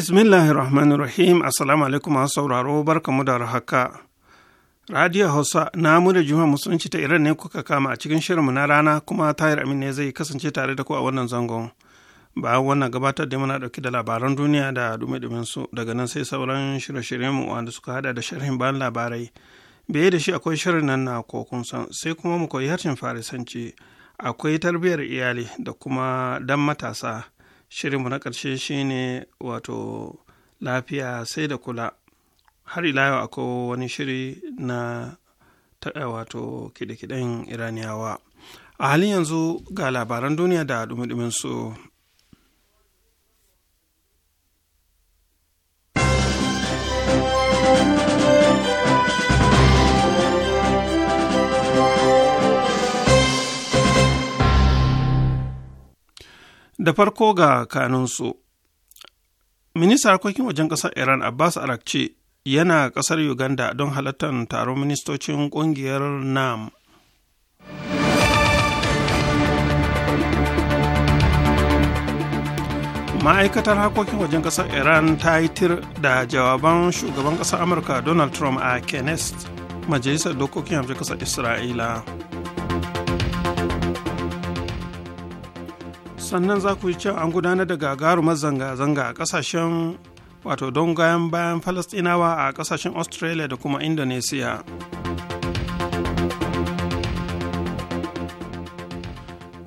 Bismillahi rahmanir rahim assalamu alaikum masu sauraro barkamu da haka radio hausa na da juma musulunci ta iran ne kuka kama a cikin shirinmu na rana kuma tahir amin ne zai kasance tare da ku a wannan zangon ba wannan gabatar da muna dauke da labaran duniya da dumi su daga nan sai sauran shirye-shiryen mu wanda suka hada da sharhin bayan labarai biye da shi akwai shirin nan na kokun san sai kuma mu koyi harshen farisanci akwai tarbiyyar iyali da kuma dan matasa shirinmu na ƙarshe shine wato lafiya sai da kula har ila yau akwai wani shiri na eh, wato kide-kiden iraniyawa a halin yanzu ga labaran duniya da dumi su. da farko ga kanunsu ministan harkokin wajen ƙasar iran abbas arakci yana ƙasar uganda don halartar taron ministocin ƙungiyar nam ma'aikatar harkokin wajen ƙasar iran ta yi tir da jawaban shugaban ƙasar amurka donald trump a kenneth majalisar dokokin hamshe ƙasar isra'ila sannan za ku yi cewa an gudanar da gagarumar zanga-zanga a kasashen wato don goyon bayan falastinawa a kasashen australia da kuma indonesia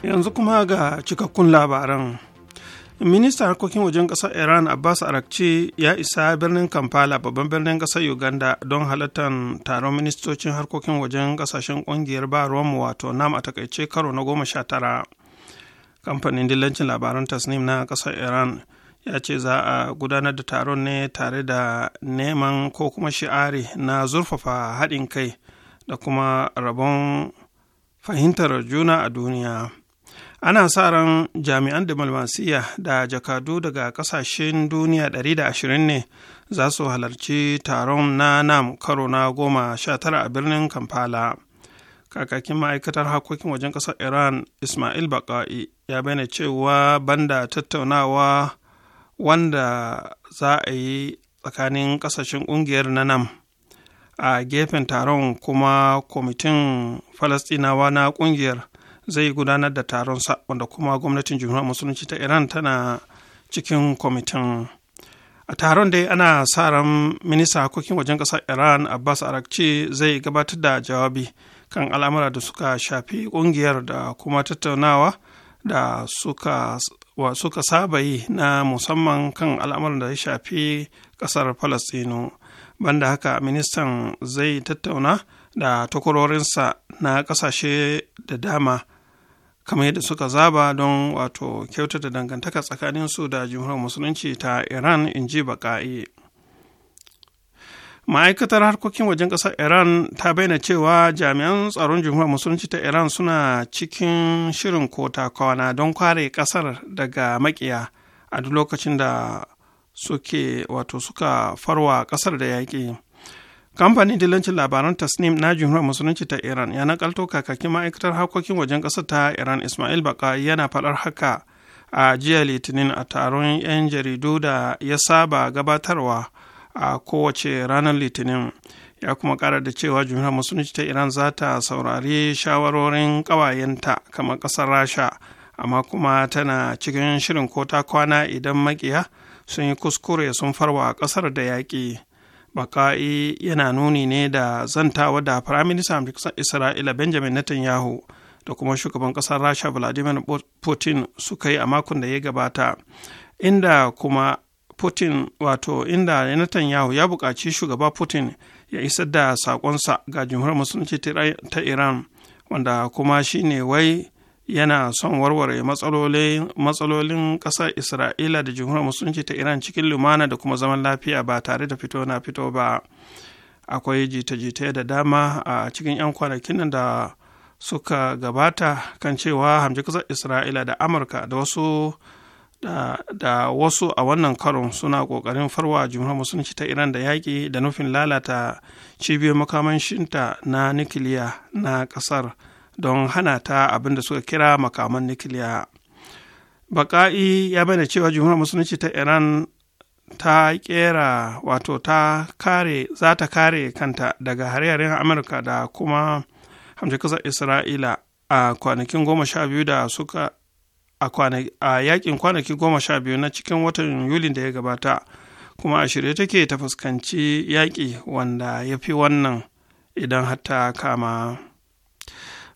yanzu kuma ga cikakkun labaran ministan harkokin wajen ƙasar iran abbas arakci ya isa birnin kampala babban birnin ƙasar uganda don halartar taron ministocin harkokin wajen kasashen ƙungiyar ba ruwanmu wato nam a takaice karo na goma sha tara kamfanin dillancin labaran tasnim na ƙasar iran ya ce za a gudanar da taron ne tare da neman ko kuma shi'ari na zurfafa haɗin kai da kuma rabon fahimtar juna a duniya ana sa ran jami'an dimalmasiya da jakadu daga ƙasashen duniya 120 ne za su halarci taron na nam karo na goma sha tara a birnin kampala kakakin ma'aikatar harkokin wajen ƙasar iran ismail baka'i ya bayyana cewa banda tattaunawa wanda za a yi tsakanin ƙasashen ƙungiyar na nam a gefen taron kuma kwamitin falastinawa na ƙungiyar zai gudanar da taron sa wanda kuma gwamnatin jamhuriyar musulunci ta iran tana cikin kwamitin a taron dai ana sa ran minista harkokin wajen ƙasar iran abbas arakci zai gabatar da jawabi kan al'amura da suka shafi ƙungiyar da kuma tattaunawa da suka suka saba yi na musamman kan al'amuran da ya shafi ƙasar Falastinu. Banda haka ministan zai tattauna da takwarorinsa na ƙasashe da dama kamar yadda suka zaba don wato kyautata dangantaka tsakaninsu da jimhuriyar musulunci ta Iran in ji baka'i. ma'aikatar harkokin wajen ƙasar iran ta bayyana cewa jami'an tsaron jumhuriyar musulunci ta iran suna cikin shirin kota kwana don kware ƙasar daga makiya a duk lokacin da suke wato suka farwa ƙasar da yaƙi kamfanin dillancin labaran tasnim na jumhuriyar musulunci ta iran ya nakalto kakakin ma'aikatar harkokin wajen ƙasar ta iran ismail baka yana faɗar haka a jiya litinin a taron 'yan jaridu da ya saba gabatarwa a kowace ranar litinin ya kuma kara da cewa jumhuriyar musulunci ta iran za ta saurari shawarorin kawayenta kamar ƙasar rasha amma kuma tana cikin shirin ko ta kwana idan makiya sun yi kuskure sun farwa kasar da yaƙi baka'i yana nuni ne da zantawa da firaministan isra'ila benjamin netanyahu da kuma shugaban kasar rasha vladimir putin suka yi a makon da ya gabata inda kuma Putin wato inda Netanyahu ya buƙaci shugaba Putin ya isar da saƙonsa ga jimhuriyar musulunci ta Iran wanda kuma shi ne wai yana son warware matsalolin ƙasar Isra'ila da jimhuriyar musulunci ta Iran cikin lumana da kuma zaman lafiya ba tare da fito na fito ba. Akwai jita-jita da dama a cikin 'yan kwanakin da suka gabata kan cewa hamji kasar Isra'ila da Amurka da wasu da, da wasu a wannan karon suna ƙoƙarin farwa jimhuriyar musulunci ta iran da yaƙi da nufin lalata cibiyar makamashinta na nukiliya na ƙasar don hana ta abin da suka kira makaman nukiliya baƙa'i ya bayyana cewa jimhuriyar musulunci ta iran ta kera wato ta kare za ta kare kanta daga hare-haren amurka da kuma hamshe kasar isra'ila a kwanakin goma sha biyu da suka a yakin kwanaki goma sha biyu na cikin watan yulin da ya gabata kuma a shirye take ta fuskanci yaƙi wanda ya fi wannan idan hatta kama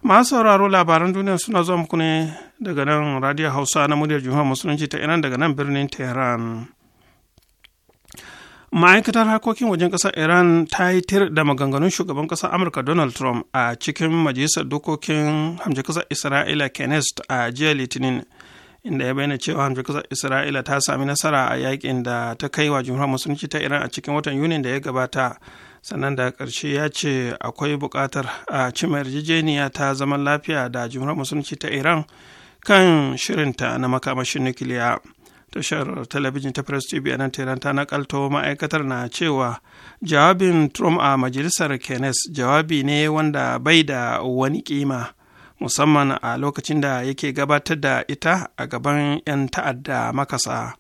masu sauraro labaran duniya suna zuwa muku ne daga nan radio hausa na muryar jihar musulunci ta iran daga nan birnin tehran ma'aikatar harkokin wajen ƙasar iran ta yi tir da maganganun shugaban ƙasar amurka donald trump a cikin majalisar dokokin hamjin ƙasar isra'ila kenest a jiya litinin inda ya bayyana cewa hamshin kasar isra'ila ta sami nasara a yakin da ta kai wa jumhuriyar musulunci ta iran a cikin watan yunin da ya gabata sannan da karshe ya ce akwai bukatar. a cima yarjejeniya ta zaman lafiya da jumhuriyar musulunci ta iran kan shirinta na makamashin nukiliya tashar talabijin ta press tv a nan tehran ta nakalto ma'aikatar na cewa jawabin trump a majalisar kenes jawabi ne wanda bai da wani kima musamman a lokacin da yake gabatar da ita a gaban 'yan ta'adda makasa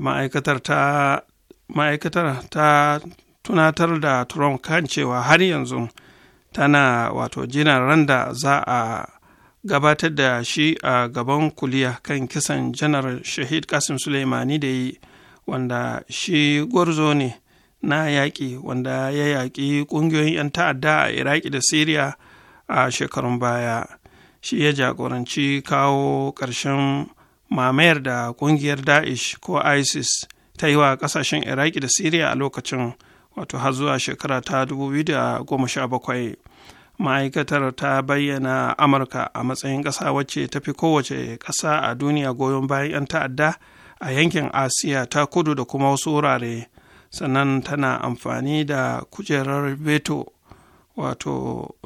ma'aikatar ta tunatar da trump kan cewa har yanzu tana wato jiran randa za a gabatar da shi a gaban kuliya kan kisan janar shahid kasim suleimani da yi wanda shi gwarzo ne na yaƙi wanda ya yaƙi ƙungiyoyin 'yan ta'adda a iraki da syria a shekarun baya shi ya jagoranci kawo ƙarshen mamayar da ƙungiyar daesh ko isis ta yi wa ƙasashen iraki da siriya a lokacin wato har zuwa shekara ta 2017 ma'aikatar ta bayyana amurka a matsayin ƙasa wacce ta fi kowace ƙasa a duniya goyon bayan 'yan ta'adda a yankin asiya ta kudu da kuma wasu wurare sannan tana amfani da kujerar veto wato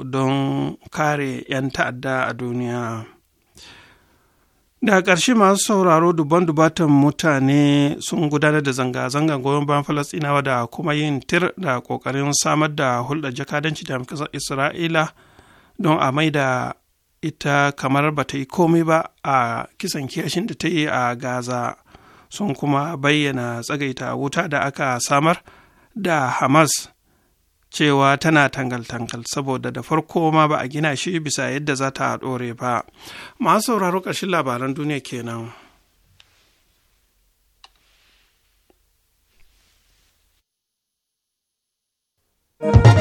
don kare 'yan ta'adda a duniya da ƙarshe masu sauraro duban dubatan mutane sun gudanar da zanga-zangar goyon bayan falastinawa da kuma yin tir da ƙoƙarin samar da hulɗar jakadanci da ƙasar isra'ila don a da ita kamar ba ta yi komai ba a kisan kiyashin da ta yi a gaza sun kuma bayyana tsagaita wuta da aka samar da hamas cewa tana tangal-tangal saboda da farko ma ba a gina shi bisa yadda za ta ɗore ba masu sauraro ƙarshen labaran duniya kenan. thank you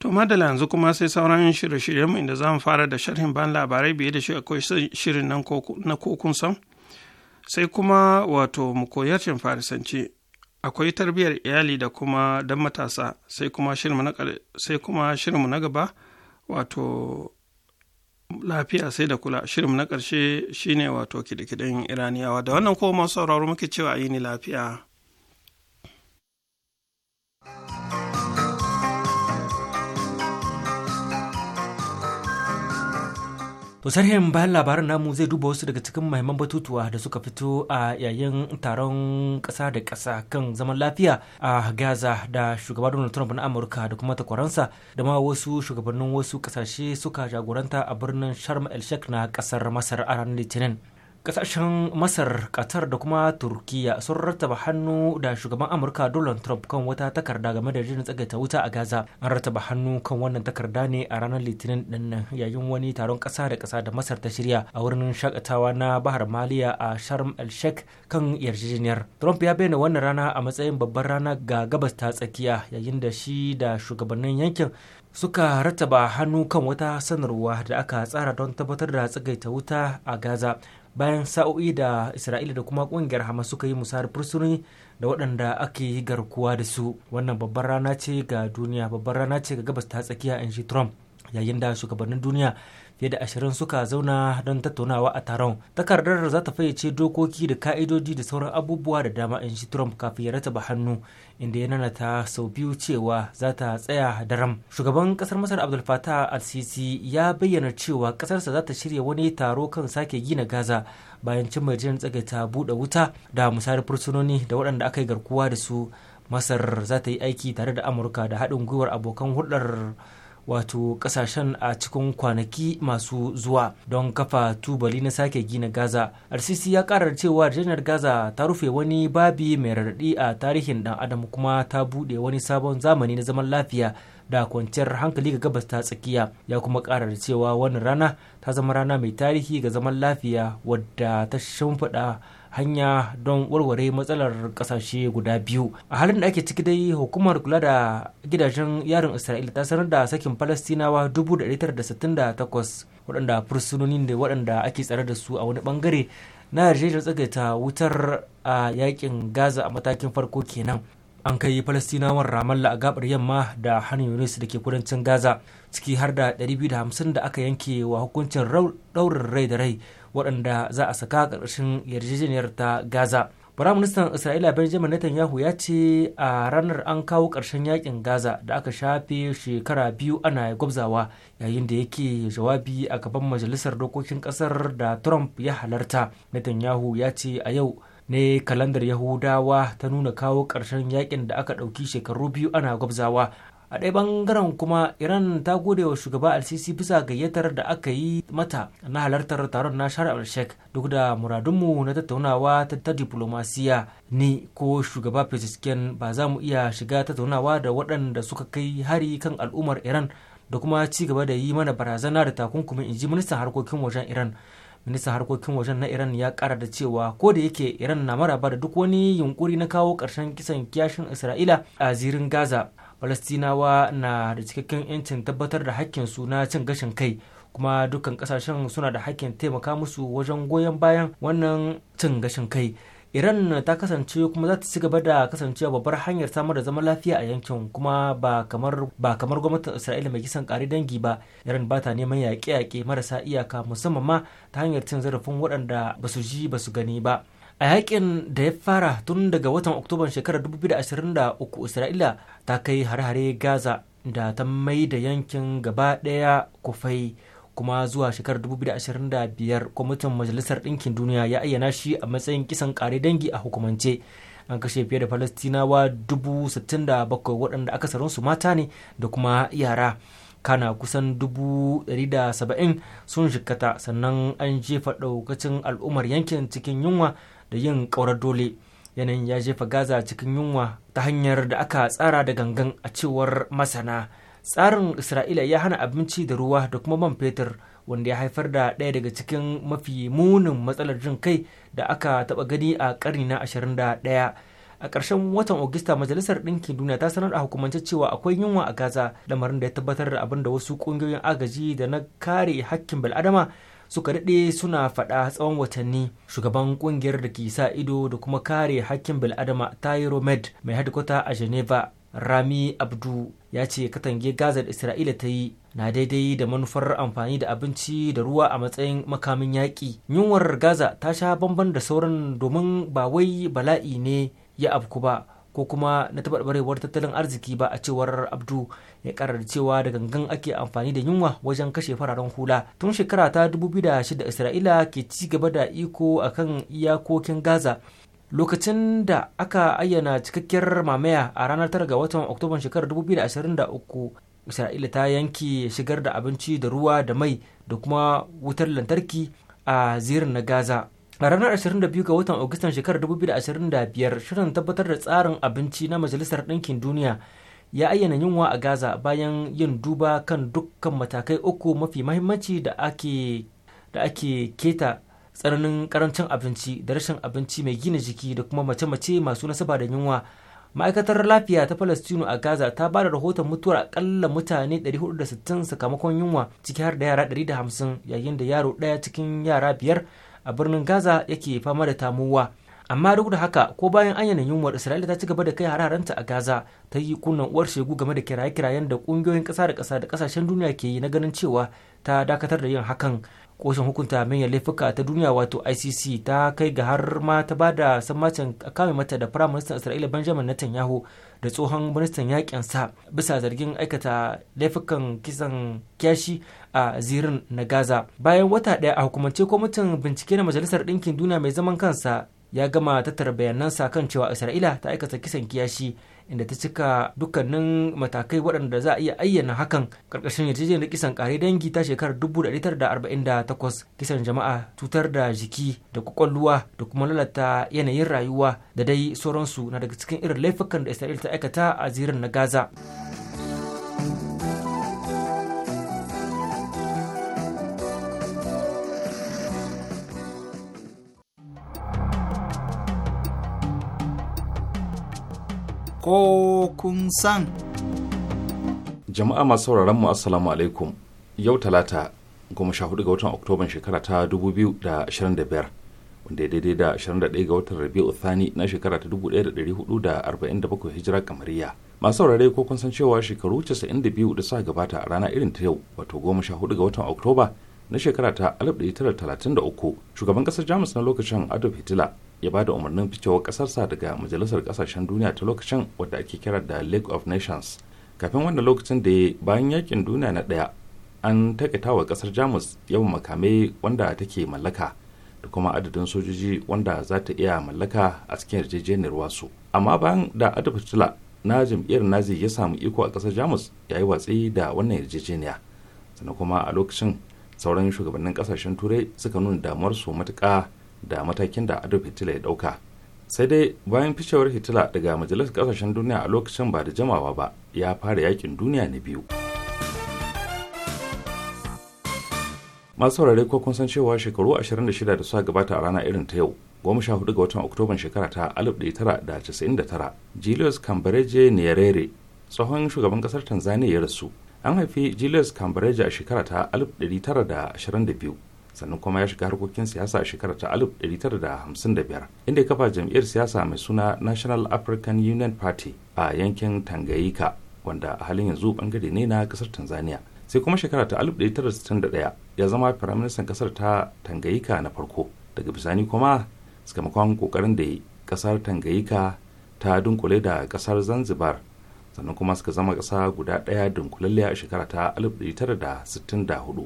To madala yanzu kuma sai sauran shirye-shiryenmu inda za mu fara da sharhin ban labarai biye da shi akwai shirin nan na kokun sam. Sai kuma wato mu koyarcin farisanci akwai tarbiyyar iyali da kuma dan matasa sai kuma shirinmu na gaba wato lafiya sai da kula shirinmu na ƙarshe shine wato kidikidin iraniyawa da wannan kuma sauraro muke cewa yi ni lafiya. To sarhin bayan labaran namu zai duba wasu daga cikin mahimman batutuwa da suka fito a yayin taron ƙasa da ƙasa kan zaman lafiya a Gaza da shugaban Donald Trump na Amurka da kuma takwaransa da ma wasu shugabannin wasu ƙasashe suka jagoranta a birnin Sharm el Sheikh na ƙasar Masar a ranar Litinin. kasashen masar qatar da kuma turkiya sun rattaba hannu da shugaban amurka donald trump kan wata takarda game da jirin tsagaita wuta a gaza an rattaba hannu kan wannan takarda ne a ranar litinin dinnan yayin wani taron kasa da kasa da masar ta shirya a wurin shakatawa na bahar maliya a sharm el sheikh kan yarjejeniyar trump ya bayyana wannan rana a matsayin babbar rana ga gabas ta tsakiya yayin da shi da shugabannin yankin suka rattaba hannu kan wata sanarwa da aka tsara don tabbatar da tsagaita wuta a gaza bayan sa'o'i da isra'ila da kuma kungiyar hamas suka yi musayar fursuni da waɗanda ake yi garkuwa da su wannan babbar rana ce ga duniya babbar rana ce ga gabas ta tsakiya in shi trump yayin da shugabannin duniya fiye da ashirin suka zauna don tattaunawa a taron takardar za ta fayyace dokoki da ka'idoji da sauran abubuwa da dama in shi trump kafin ya rataba hannu inda ya nanata sau biyu cewa za ta tsaya daram shugaban kasar masar abdul fatah al-sisi ya bayyana cewa kasarsa za ta shirya wani taro kan sake gina gaza bayan cin majiyar ta buɗe wuta da misali fursunoni da waɗanda aka yi garkuwa da su masar za ta yi aiki tare da amurka da haɗin gwiwar abokan hulɗar wato kasashen a cikin kwanaki masu zuwa don kafa tubali na sake gina gaza rcc ya karar cewa janar gaza ta rufe wani babi mai raɗaɗi a tarihin dan adam kuma ta buɗe wani sabon zamani na zaman lafiya da kwanciyar hankali ga gabas ta tsakiya ya kuma karar cewa wani rana ta zama rana mai tarihi ga zaman lafiya wadda ta shimfiɗa hanya don warware matsalar kasashe guda biyu a halin da ake ciki dai hukumar kula da gidajen yarin isra'ila ta sanar da sakin falastinawa 1968 waɗanda fursunonin da waɗanda ake tsare da su a wani bangare na yarjejeniyar tsagaita wutar a yakin gaza a matakin farko kenan an kai falastinawan ramallah a gabar yamma da hannun yunis da ke kudancin gaza ciki har da 250 da aka yanke wa hukuncin daurin rai da rai waɗanda za a saka ƙarƙashin yarjejeniyar ta gaza Firaministan Isra'ila Benjamin Netanyahu ya ce a ranar an kawo ƙarshen yakin Gaza da aka shafe shekara biyu ana gwabzawa yayin da yake jawabi a gaban Majalisar Dokokin Ƙasar da Trump ya halarta. Netanyahu ya ce a yau ne kalandar Yahudawa ta nuna kawo ƙarshen yakin da aka ɗauki shekaru biyu ana gwabzawa a ɗaya bangaren kuma iran ta gode wa shugaba al-sisi bisa gayyatar da aka yi mata na halartar taron na shahar al duk da muradunmu na tattaunawa ta diplomasiya ni ko shugaba fesisken ba za mu iya shiga tattaunawa da waɗanda suka kai hari kan al'ummar iran da kuma ci gaba da yi mana barazana da takunkumin ji ministan harkokin wajen iran ministan harkokin wajen na iran ya kara da cewa ko da yake iran na maraba da duk wani yunkuri na kawo ƙarshen kisan kiyashin isra'ila a zirin gaza falastinawa na da cikakken 'yancin tabbatar da su na cin gashin kai kuma dukkan kasashen suna da hakkin taimaka musu wajen goyon bayan wannan cin gashin kai iran ta kasance kuma za ta ci gaba da kasancewa babbar hanyar samar da zaman lafiya a yankin kuma ba kamar ba kamar gwamnatin isra'ila mai kisan kare dangi ba iran ba ta neman yaƙe-yaƙe marasa iyaka musamman ma ta hanyar cin zarafin waɗanda ba su ji ba su gani ba a yakin da ya fara tun daga watan oktoban shekarar 2023 isra'ila ta kai hare-hare gaza da ta mai da yankin gaba daya kufai kuma zuwa shekarar 2025 kwamitin majalisar ɗinkin duniya ya ayyana shi a matsayin kisan ƙare dangi a hukumance an kashe fiye da falastinawa 67 waɗanda aka akasarinsu mata ne da kuma yara kana kusan 170 sun jikata sannan an jefa ɗaukacin al'ummar yankin cikin yunwa da yin ƙaurar dole yanayin ya jefa gaza cikin yunwa ta hanyar da aka tsara da gangan a cewar masana tsarin isra'ila ya hana abinci da ruwa da kuma man fetur wanda ya haifar da ɗaya daga cikin mafi munin matsalar jin kai da aka taɓa gani a ƙarni na ashirin da 21 a ƙarshen watan Ogista majalisar ɗinkin duniya ta sanar a hukumance cewa akwai yunwa a gaza lamarin da ya tabbatar da abin da wasu ƙungiyoyin agaji da na kare hakkin bil'adama suka daɗe suna faɗa tsawon watanni shugaban kungiyar da ke sa ido da kuma kare hakkin bil'adama yi mai hadikwata a geneva rami abdu ya ce katange gaza da isra'ila ta yi na daidai da manufar amfani da abinci da ruwa a matsayin makamin yaƙi yunwar gaza ta sha bamban da sauran domin ba wai bala'i ne ya abku ba ko kuma na taɓarɓarewar tattalin arziki ba a cewar abdu ya karar cewa da gangan ake amfani da yunwa wajen kashe fararen hula tun shekara ta 2006 isra'ila ke ci gaba da iko akan iyakokin gaza lokacin da aka ayyana cikakkiyar mamaya a ranar tara ga watan oktoban shekarar 2023 isra'ila ta yanke shigar da abinci da ruwa da mai da kuma wutar lantarki a zirin na gaza a ranar 22 ga watan agustan shekarar 2025 shirin tabbatar da tsarin abinci na majalisar ɗinkin duniya ya ayyana yunwa a gaza bayan yin duba kan dukkan matakai uku mafi mahimmanci da ake keta tsananin karancin abinci da rashin abinci mai gina jiki da kuma mace-mace masu nasaba da yunwa ma'aikatar lafiya ta palestino a gaza ta ba da rahoton mutuwar akalla mutane 460 sakamakon yunwa ciki har da yara 150 yayin da yaro daya cikin yara biyar a birnin gaza yake fama da tamuwa amma duk da haka ko bayan an yunwar isra'ila ta ci gaba da kai hararanta a gaza ta yi kunnan uwar shegu game da kiraye-kirayen da kungiyoyin ƙasa da ƙasa da ƙasashen duniya ke yi na ganin cewa ta dakatar da yin hakan koshin hukunta manyan laifuka ta duniya wato icc ta kai ga har ma ta ba da sammacin kame mata da firaministan isra'ila benjamin netanyahu da tsohon ministan yakin sa bisa zargin aikata laifukan kisan kyashi a zirin na gaza bayan wata daya a hukumance kwamitin bincike na majalisar ɗinkin duniya mai zaman kansa ya gama tattara bayanansa kan cewa isra'ila ta aikata kisan kiyashi inda ta cika dukkanin matakai waɗanda za a iya ayyana hakan ƙarƙashin yarjejeniyar kisan kare dangi ta shekarar 1948 kisan jama'a cutar da jiki da kwakwalwa da kuma lalata yanayin rayuwa da dai sauransu na daga cikin irin laifukan da isra'il ta aikata a zirin na gaza ko kun san. Jama'a masu sauraron mu Assalamu alaikum yau talata goma sha hudu ga watan Oktoban shekara ta dubu biyu da ashirin da biyar wanda ya daidai da ashirin da ɗaya ga watan Rabi'u Thani na shekara ta dubu ɗaya da ɗari hudu da arba'in da bakwai hijira kamariya. Masu saurare ko kun san cewa shekaru casa'in da biyu da suka gabata a rana irin ta yau wato goma sha hudu ga watan Oktoba na shekara ta 1933 shugaban kasar jamus na lokacin adolf hitler ya ba da umarnin ficewar kasarsa daga majalisar kasashen duniya ta lokacin wadda ake kira da league of nations kafin wannan lokacin da ya bayan yakin duniya na daya an takaita wa kasar jamus yawan makamai wanda take mallaka da kuma adadin sojoji wanda za ta iya mallaka a cikin yarjejeniyar wasu amma bayan da adolf hitler na jam'iyyar nazi ya samu iko a kasar jamus ya yi watsi da wannan yarjejeniya sannan kuma a lokacin sauran shugabannin kasashen turai suka nuna damuwar su matuka da matakin da adolf hitler ya dauka sai dai bayan ficewar hitler daga majalisar kasashen duniya a lokacin ba da jamawa ba ya fara yakin duniya na biyu masu saurare ko kun san cewa shekaru 26 da suka gabata a rana irin ta yau goma sha hudu ga watan oktoban shekara ta 1999 julius cambridge nyerere tsohon shugaban kasar tanzania ya rasu an haifi julius cambridge a shekara ta 1922 sannan kuma ya shiga harkokin siyasa a shekara ta 1955 inda ya kafa jam'iyyar siyasa mai suna national african union party a yankin tangayika wanda a halin yanzu bangare ne na kasar tanzania sai kuma shekara ta 1961 ya zama firaministan kasar ta tangayika na farko daga bisani kuma sakamakon kokarin da kasar tangayika ta dunkule da kasar zanzibar sannan kuma suka zama kasa guda ɗaya dunkulalle a shekara ta 1964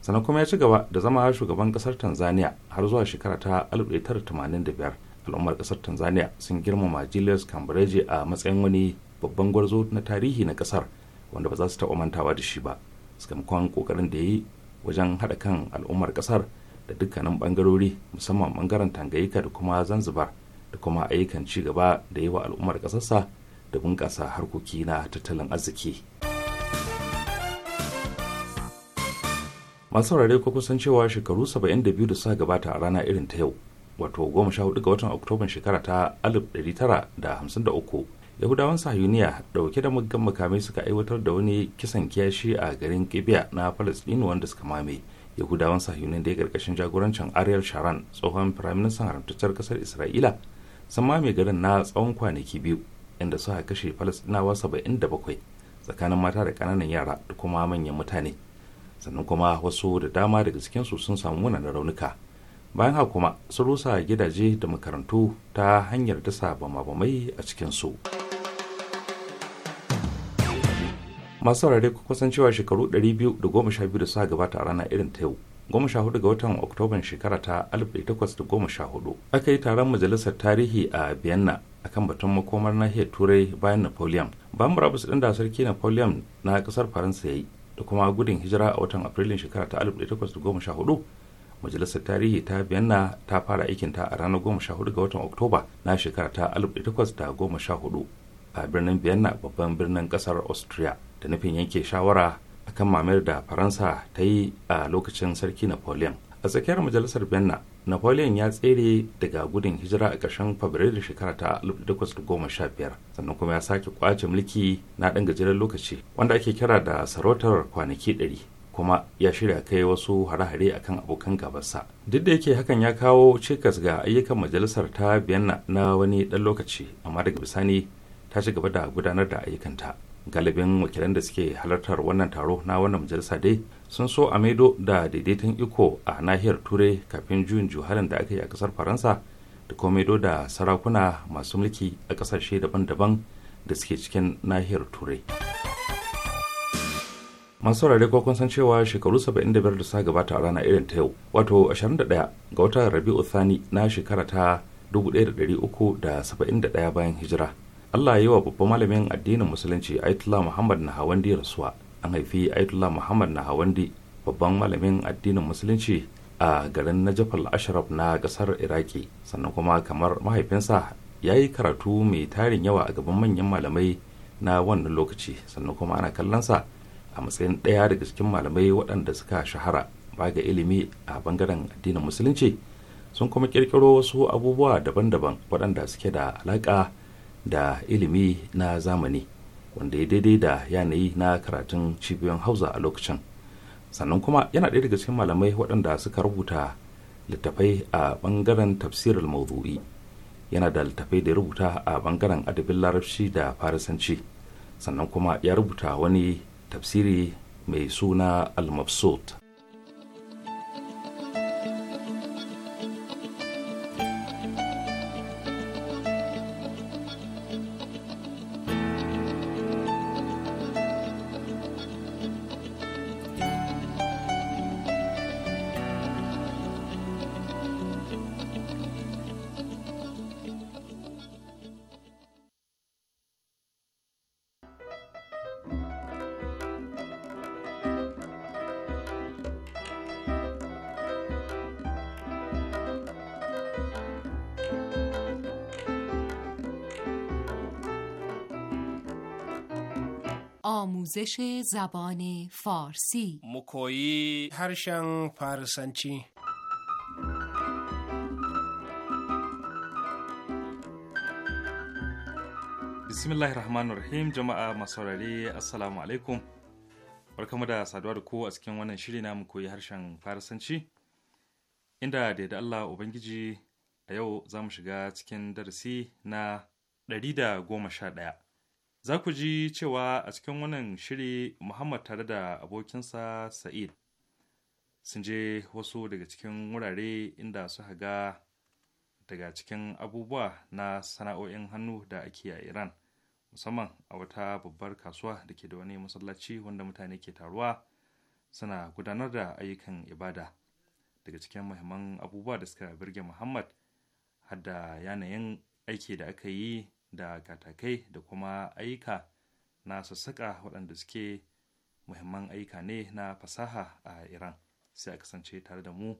sannan kuma ya ci gaba da zama shugaban ƙasar tanzania har zuwa shekara ta 1985 al'ummar ƙasar tanzania sun girmama julius cambridge a matsayin wani babban gwarzo na tarihi na ƙasar wanda ba za su taɓa mantawa da shi ba sakamakon kokarin da ya yi wajen haɗa kan al'ummar kasar da dukkanin bangarori musamman ɓangaren tangayika da kuma zanzibar da kuma ayyukan ci gaba da yi wa al'ummar ƙasarsa da bunƙasa harkoki na tattalin arziki masu saurare ko kusan cewa shekaru 72 da suka gabata a rana irin ta yau wato 14 ga watan oktoban shekara ta 1953 yahudawan sahiyuniya dauke da muggan makamai suka aiwatar da wani kisan kiyashi a garin kibiya na palestine wanda suka mame yahudawan sahiyunin da ya karkashin jagorancin ariel sharon tsohon firaministan haramtacciyar kasar isra'ila sun mame garin na tsawon kwanaki biyu inda suka kashe falastinawa saba'in da bakwai tsakanin mata da kananan yara da kuma manyan mutane sannan kuma wasu da dama daga cikinsu sun samu munanan raunuka bayan haka kuma sun rusa gidaje da makarantu ta hanyar dasa bama-bamai a cikinsu masu saurare kusan cewa shekaru 212 da suka gabata a rana irin ta yau goma ga watan oktoban shekara ta 1814 aka yi taron majalisar tarihi a vienna akan batun makomar nahiyar turai bayan napoleon bayan murabus ɗin da sarki napoleon na ƙasar faransa ya yi da kuma gudun hijira a watan afrilun shekara ta 1814 majalisar tarihi ta biyanna ta fara aikinta a ranar 14 ga watan oktoba na shekara ta 1814 a birnin biyanna babban birnin ƙasar austria da nufin yanke shawara akan mamayar da faransa ta yi a lokacin sarki napoleon a tsakiyar majalisar biyanna napoleon ya tsere daga gudun hijira a ƙarshen fabrairu shekara ta 1815 sannan kuma ya sake kwace mulki na ɗan gajeren lokaci wanda ake kira da sarautar kwanaki 100 kuma ya shirya kai wasu hare-hare a kan abokan gabansa. duk da yake hakan ya kawo cikas ga ayyukan majalisar ta biyanna na wani ɗan lokaci amma daga bisani ta ci gaba da gudanar da ayyukanta galibin wakilan da suke halartar wannan taro na wannan majalisa dai sun so a maido da daidaiton iko a nahiyar turai kafin juyin juharin da aka yi a kasar faransa da kuma maido da sarakuna masu mulki a kasashe daban-daban da suke cikin nahiyar turai masu saurari ko kun san cewa shekaru 75 da suka gabata a rana irin ta yau wato 21 ga watan rabi'u thani na shekara ta 1371 bayan hijira Allah ya yi wa babban malamin addinin musulunci Aitullah Muhammad na hawan rasuwa an haifi ayatollah muhammad na nahawandi babban malamin addinin musulunci a garin najaf al-ashraf na kasar iraki sannan kuma kamar mahaifinsa ya yi karatu mai tarin yawa a gaban manyan malamai na wannan lokaci sannan kuma ana kallonsa a matsayin ɗaya daga cikin malamai waɗanda suka shahara ba ga ilimi a bangaren addinin musulunci sun kuma kirkiro wasu abubuwa daban-daban waɗanda suke da alaƙa da ilimi na zamani wanda ya daidai da yanayi na karatun cibiyoyin hausa a lokacin sannan kuma yana ɗaya daga cikin malamai waɗanda suka rubuta littafai a ɓangaren tafsirar maudu'i yana da littafai da rubuta a ɓangaren adabin larabci da farisanci sannan kuma ya rubuta wani tafsiri mai suna al آموزش زبان فارسی مکویی هرشن فارسنچی bismillahir rahmanir rahim jama'a masu saurare assalamu alaikum barkamu da saduwa da ku a cikin wannan shiri na mu koyi harshen farisanci inda da yadda Allah ubangiji a yau za mu shiga cikin darasi na 111 Za ku ji cewa a cikin wannan shiri Muhammad tare da abokinsa Sa'id sun je wasu daga cikin wurare inda suka ga daga cikin abubuwa na sana'o'in hannu da ake a Iran, musamman a wata babbar kasuwa da ke da wani masallaci wanda mutane ke taruwa suna gudanar da ayyukan ibada. Daga cikin muhimman abubuwa da suka birge Muhammad hadda yanayin aiki da aka yi da katakai da kuma aika na sassaƙa waɗanda suke muhimman aika ne na fasaha a iran sai a kasance tare da mu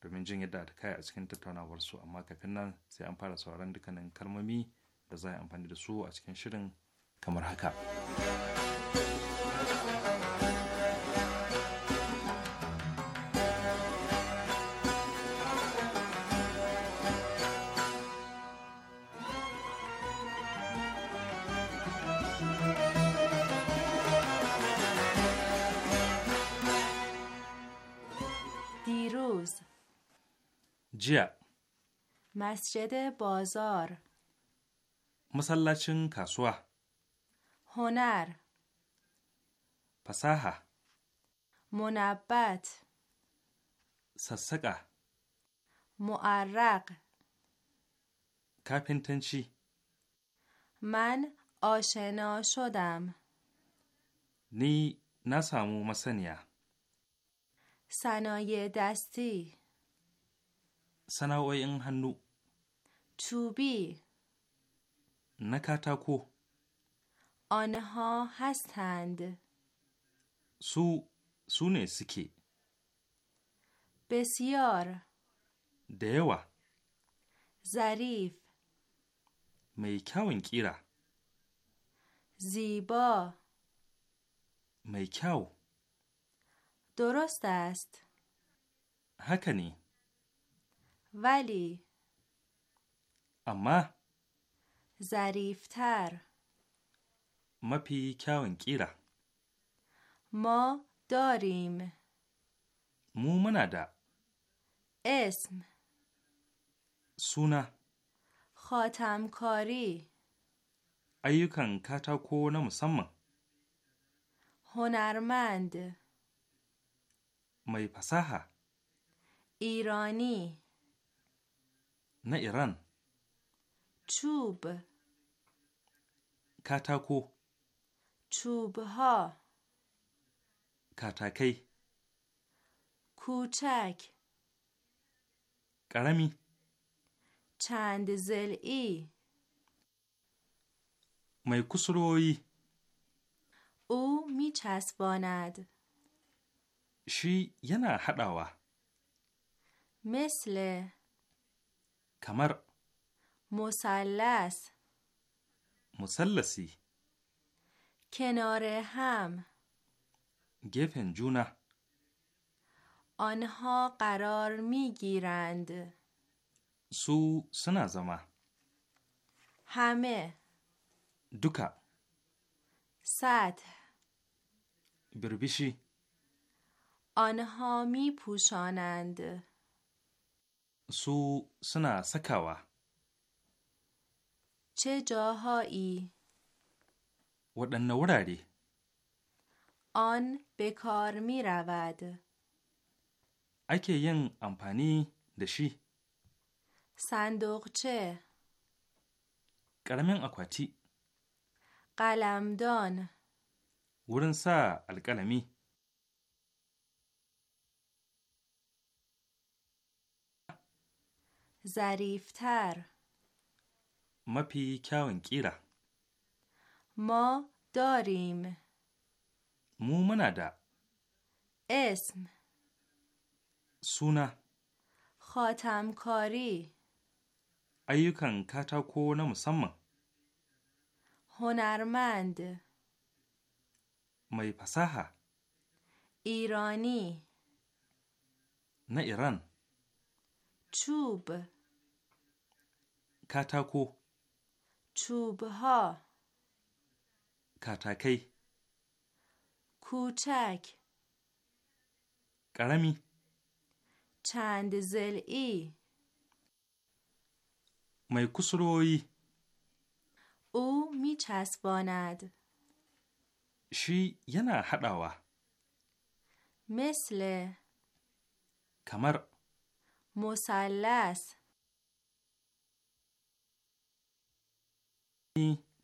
domin jin yadda ta kai a cikin tattaunawar su amma kafin nan sai an fara sauran dukkanin kalmomi da za a amfani da su a cikin shirin kamar haka. جیا مسجد بازار مسلچن کسوه هنر پساها منبت سسقه معرق کپنتنچی من آشنا شدم نی نسامو مسنیه صنایع دستی sana'o'in hannu Tubi. na katako آنها هستند su su ne suke بسیار da yawa Zarif. mai kyawun kira زیبا mai kyau درست Haka ne. ولی اما ظریفتر پی کون کیرا ما داریم مو منادا اسم سونا خاتمکاری ایوکان کتاکو نه هنرمند مای پسها، ایرانی نه ایران چوب کتاکو چوب ها کتاکی کوچک قرمی چند زلعی می کسروی او می چسباند شی یه نه مثل کمر مثلث مسلسی. کنار هم گفن جونه آنها قرار میگیرند سو سنازمه همه دوکا سطح بربشی آنها می پوشانند su suna sakawa. Ce jahai waɗanne wurare? An bekar mirawad. Ake yin amfani da shi. Sandokce. Ƙaramin akwati. Ƙalamdon. Wurin sa alƙalami. زریفتر مپی کیاون کیرا ما داریم مو منادا اسم سونا خاتمکاری ایوکان کاتاکو نا مسمم هنرمند mai fasaha irani na iran tube کتاکو چوبها کتاکی کوچک قرمی چند زلعی می کسروی او میچسباند، چسباند شی ینا حداوا مثل کمر مثلث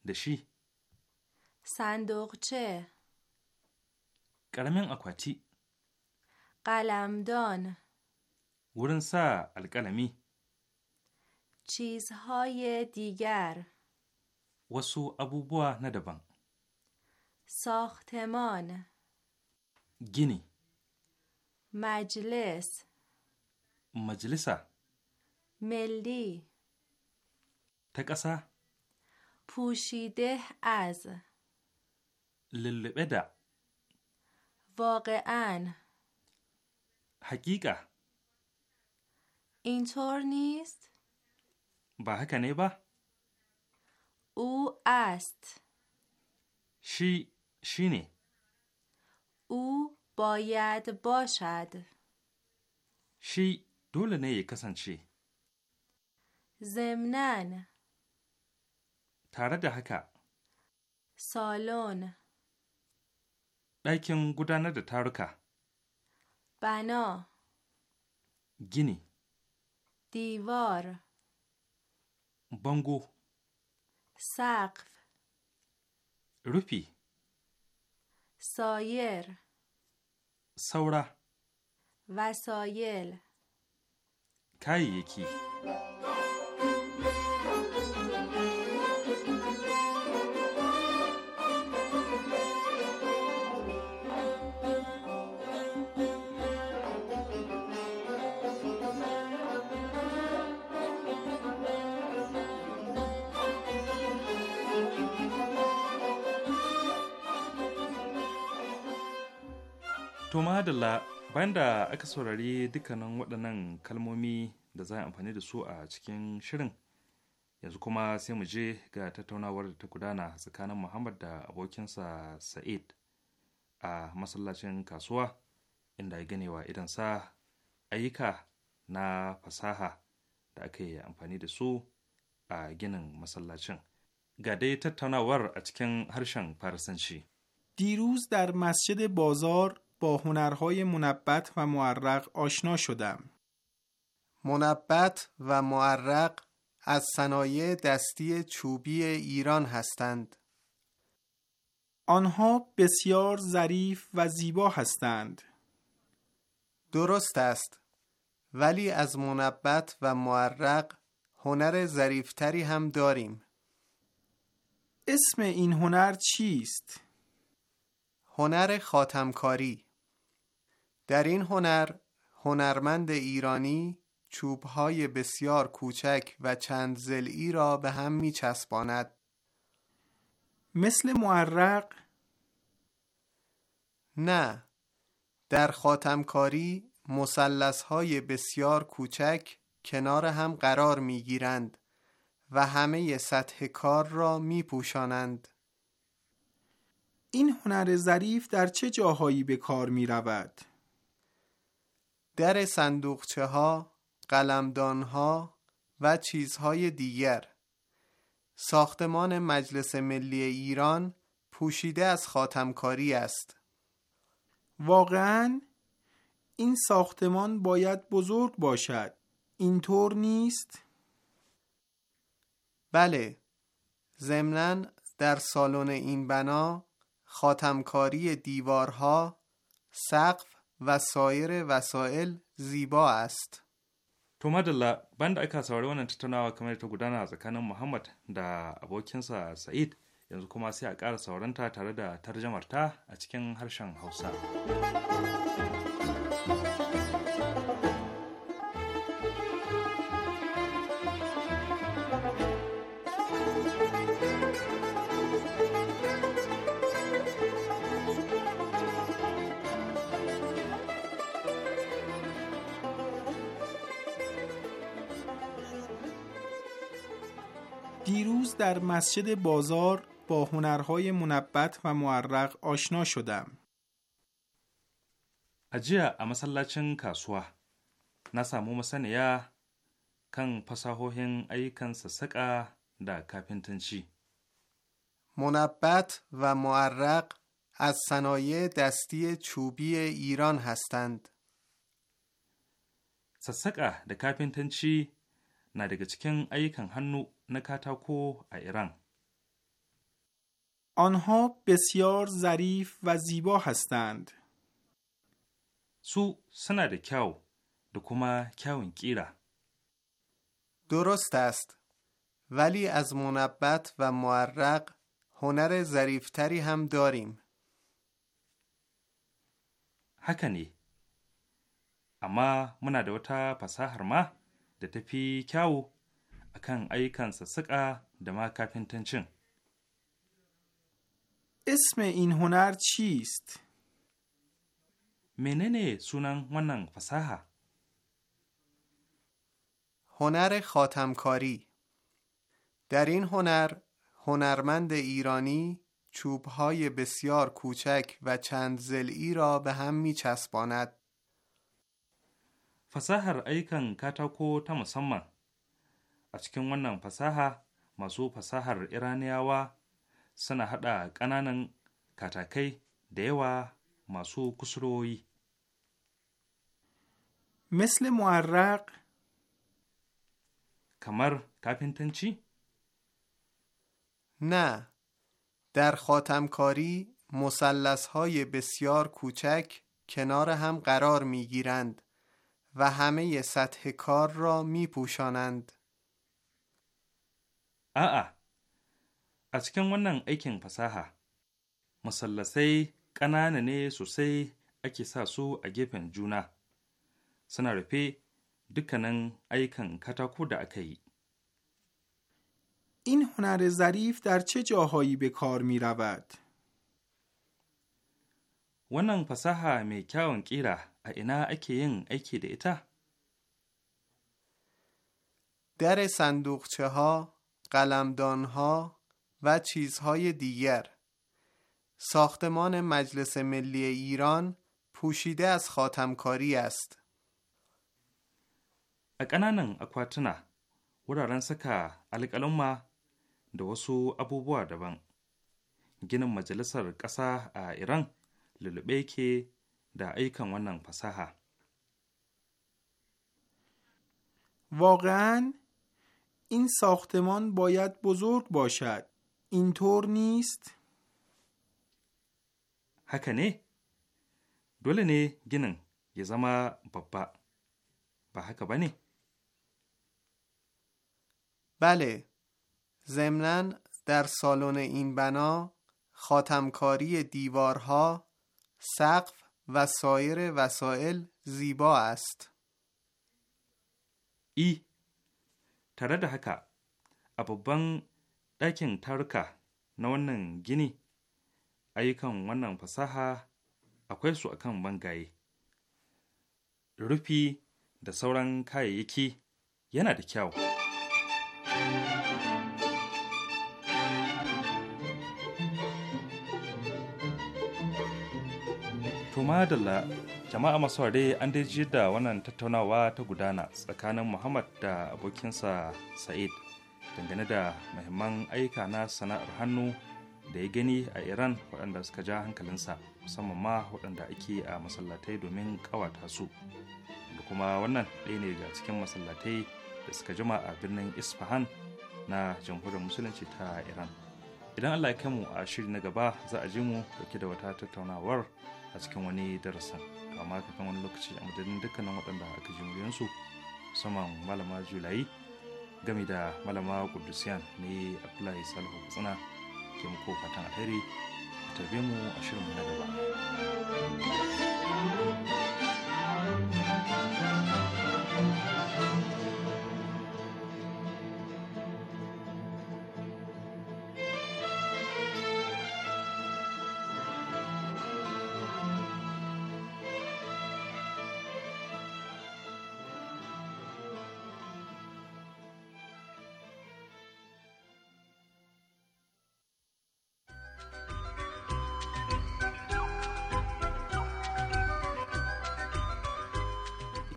da shi. Ƙaramin akwati. Ƙalamdon. Wurin sa alƙalami. Cizhoye digar. Wasu abubuwa na daban. Sohtemon. Gini. Majlis. Majlisa. Meldi. Ta ƙasa. پوشیده از للبه ده واقعا حقیقه اینطور نیست؟ با هکنه با او است شی شینه او باید باشد شی دول نه کسان شی tare da haka. Salon. Ɗakin gudanar da taruka. Bana. Gini. Divar. Bango. Saƙf. Rufi. Sayer. Saura. Vasayel. Kayayyaki. To madalla banda aka saurari dukkanin waɗannan kalmomi da za a amfani da su a cikin shirin yanzu kuma sai mu je ga tattaunawar da ta gudana tsakanin Muhammad da abokinsa Sa'id a masallacin kasuwa inda ya idan sa ayyuka na fasaha da aka yi amfani da su a ginin masallacin. Ga dai tattaunawar a cikin harshen Farisanci. دیروز dar masjid bazar با هنرهای منبت و معرق آشنا شدم. منبت و معرق از صنایع دستی چوبی ایران هستند. آنها بسیار ظریف و زیبا هستند. درست است. ولی از منبت و معرق هنر ظریفتری هم داریم. اسم این هنر چیست؟ هنر خاتمکاری در این هنر هنرمند ایرانی چوبهای بسیار کوچک و چند زلعی را به هم می چسباند. مثل معرق؟ نه در خاتمکاری مسلس بسیار کوچک کنار هم قرار می گیرند و همه سطح کار را می پوشانند. این هنر ظریف در چه جاهایی به کار می رود؟ در صندوقچه ها، قلمدان ها و چیزهای دیگر ساختمان مجلس ملی ایران پوشیده از خاتمکاری است واقعا این ساختمان باید بزرگ باشد اینطور نیست؟ بله ضمنا در سالن این بنا خاتمکاری دیوارها سقف و سایر وسایل زیبا است. To madalla banda aka saurari wannan tattaunawa kamar ta gudana tsakanin Muhammad da abokinsa Sa'id yanzu kuma sai a ƙara sauranta tare da tarjamarta a cikin harshen Hausa. در مسجد بازار با هنرهای منبت و معرق آشنا شدم. اجیا اما لچن کسوا نسا مو مسانیا کن پساهوهن ای کن سسکا دا کپنتنچی منبت و معرق از صنایع دستی چوبی ایران هستند. سسکا دا کپنتنچی na daga cikin ayyukan hannu na katako a Iran. آنها بسیار ظریف و زیبا هستند. سو سنا د کیاو د کوما کیاون کیرا درست است ولی از منبت و معرق هنر ظریفتری هم داریم. هکنی اما منا د وتا فساهر ما da ta fi kyawu a kan اسم این هنر چیست؟ منن سونن ونن هنر خاتمکاری در این هنر هنرمند ایرانی چوبهای بسیار کوچک و چند زلی را به هم می چسباند fasahar aikan katako ta musamman a cikin wannan fasaha masu fasahar iraniyawa suna haɗa ƙananan katakai da yawa masu kusurwoyi misli muarraq kamar kafintanci. Na: در خاتمکاری مسلس های بسیار کوچک کنار هم قرار می و همه سطح کار را می پوشانند. a'a a cikin wannan aikin fasaha masallasai ƙanana ne sosai ake sa su a gefen juna suna rufe dukkanin aikan katako da aka yi این هنر ظریف در چه جاهایی به کار می رود؟ wannan fasaha mai kyawun ƙira ا انا اک ین عیکی د ایت در صندوقچهها قلمدانها و چیزهای دیگر ساختمان مجلس ملی ایران پوشیده از خاتمکاری است ا کaنان اکواتنه وuراران سکه الکلمه دa وسو ابوبوو دبام گینین مجلسر کسا ایران للبهی کی da aikan wannan fasaha. واقعا این ساختمان باید بزرگ باشد اینطور نیست haka ne dole ne ginin ya zama babba ba haka ba بله ضمنا در سالن این بنا خاتمکاری دیوارها سقف و سایر وسایل زیبا است. tare da haka a babban ɗakin taruka na wannan gini ayyukan wannan fasaha akwai su akan bangaye rufi da sauran kayayyaki yana da kyau. To da jama'a masu ware an dai ji da wannan tattaunawa ta gudana tsakanin Muhammad da abokinsa Sa'id dangane da muhimman aika na sana'ar hannu da ya gani a Iran waɗanda suka ja hankalinsa musamman ma waɗanda ake a masallatai domin kawata su. Da kuma wannan ɗaya ne daga cikin masallatai da suka jima a birnin Isfahan na jamhuriyar musulunci ta Iran. Idan Allah ya kai mu a shiri na gaba za a ji mu dauke da wata tattaunawar a cikin wani darasin ka kafin wani lokaci a madadin dukkanin waɗanda aka ji muryansu saman malama julai gami da malama kudusiyan ne a abdullahi salihu katsina ke muku fatan alheri a tarbe mu a shirin na gaba. thank you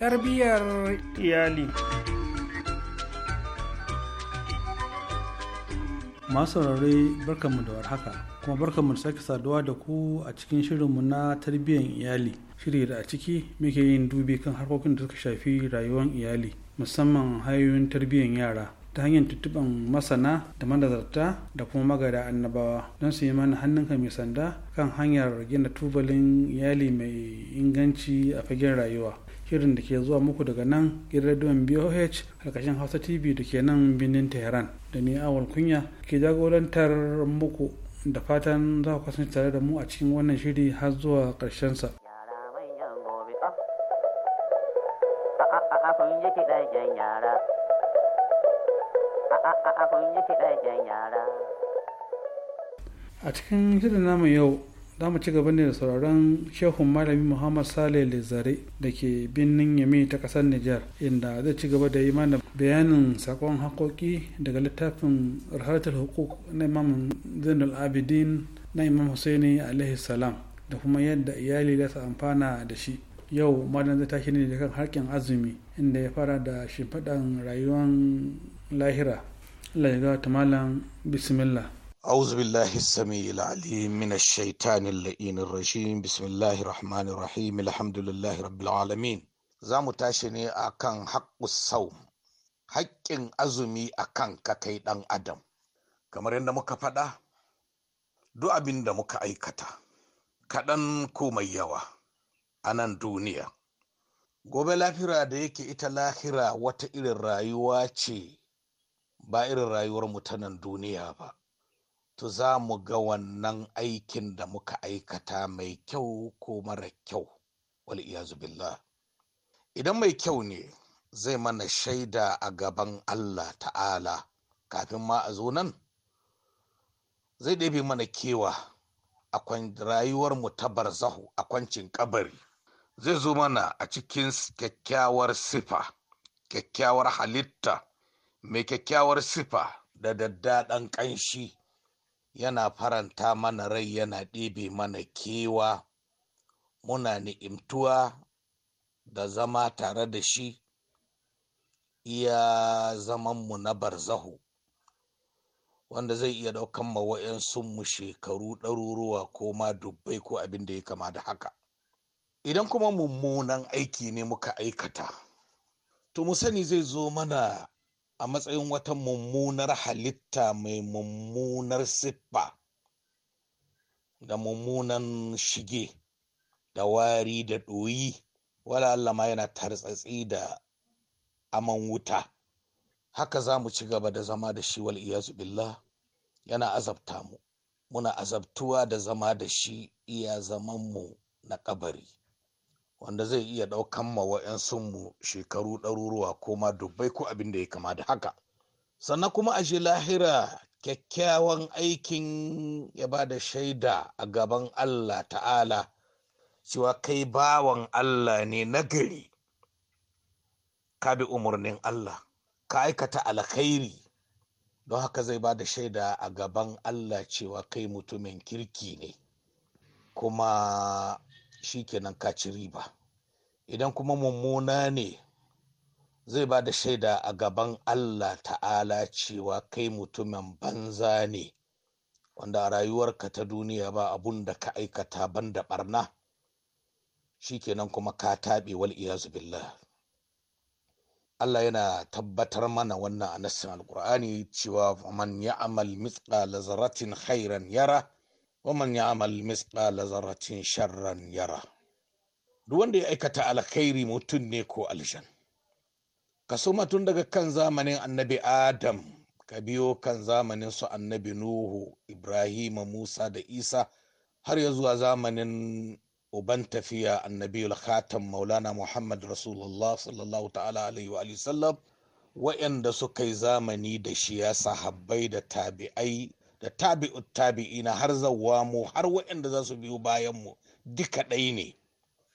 tarbiyyar iyali masu rarre barkanmu da warhaka kuma barkanmu da sake saduwa da ku a cikin shirinmu na tarbiyyar iyali shiri da a ciki muke yin dubi kan harkokin da suka shafi rayuwar iyali musamman hanyoyin tarbiyyar yara ta hanyar tuttuban masana da manazarta da kuma magada annabawa don su yi mana hannunka mai sanda kan hanyar gina tubalin iyali mai inganci a fagen rayuwa shirin da ke zuwa muku daga nan gidan boh karkashin hausa tv da ke nan birnin tehran da ni awal kunya ke jagorantar muku da fatan za ku kasance tare da mu a cikin wannan shiri har zuwa sa. Ah, ah, ah, a cikin shirin namu yau za mu ci gaba ne da sauraron shehun malami muhammad saleh lezare da ke birnin yami ta kasar nijar inda zai ci gaba da yi mana bayanin sakon hakoki daga littafin rahatul hukuk na imam zainul abidin na imam husaini alaihi salam da kuma yadda iyali da amfana da shi yau malam zai tashi ne da kan harkin azumi inda ya fara da shimfiɗan rayuwar lahira allah ya ga malam bismillah أعوذ بالله السميع العليم من الشيطان اللئين الرجيم بسم الله الرحمن الرحيم الحمد لله رب العالمين zamu tashi ne a kan haƙusau haƙƙin azumi akan ka kai ɗan adam kamar yadda muka faɗa duk abin da muka aikata kaɗan ko mai yawa a nan duniya gobe lafira da yake ita lahira wata irin rayuwa ce ba irin rayuwar mu ta nan duniya ba to za mu ga wannan aikin da muka aikata mai kyau ko mara kyau wal'iyazu billah idan mai kyau ne zai mana shaida a gaban allah ta'ala kafin ma a zo nan zai ɗabi mana kewa a rayuwar mu ta barzahu a kwancin kabari zai zo mana a cikin kyakkyawar sifa kyakkyawar halitta mai kyakkyawar sifa da daddaɗan ƙanshi yana faranta mana rai yana ɗebe mana kewa muna ni'imtuwa da zama tare da shi iya zamanmu na barzahu wanda zai iya ɗaukan ma mu shekaru ɗaruruwa ko ma dubbai ko abin da ya kama da haka idan kuma mummunan aiki ne muka aikata to mu sani zai zo mana a matsayin wata mummunar halitta mai mummunar siffa da mummunan shige da wari da ɗoyi wala Allah ma yana tartsatsi da aman wuta haka za mu ci gaba da zama da shi wal iyazu billah yana azabta mu muna azabtuwa da zama da shi iya zamanmu na kabari wanda zai iya ɗaukan ma wa'yansunmu shekaru ɗaruruwa ko ma dubbai ko abin da ya kama da haka sannan kuma a ji lahira kyakkyawan aikin ya ba da shaida a gaban allah ta'ala cewa kai bawan allah ne nagari ka bi umarnin allah ka aikata alkhairi don haka zai ba da shaida a gaban allah cewa kai mutumin kirki ne kuma shi kenan ka ci riba idan kuma mummuna ne zai ba da shaida a gaban allah ta'ala cewa kai mutumin banza ne wanda a rayuwarka ta duniya ba abun da ka aikata ban da barna shi kenan kuma ka taɓe wal billah Allah yana tabbatar mana wannan a alkur'ani cewa man amal mitsa zarratin khairan yara waman ya amal misqala zarratin sharran yara duk wanda ya aikata alkhairi mutum ne ko aljan kaso tun daga kan zamanin annabi adam ka biyo kan zamanin su annabi nuhu ibrahim musa da isa har ya zuwa zamanin uban tafiya annabi khatam maulana muhammad rasulullah sallallahu ta'ala alaihi wa sallam wa'yanda suka yi zamani da shi ya sahabbai da tabi'ai da tabi'ut tabi'ina har zawwa mu har waɗanda za su biyo bayan mu duka ɗai ne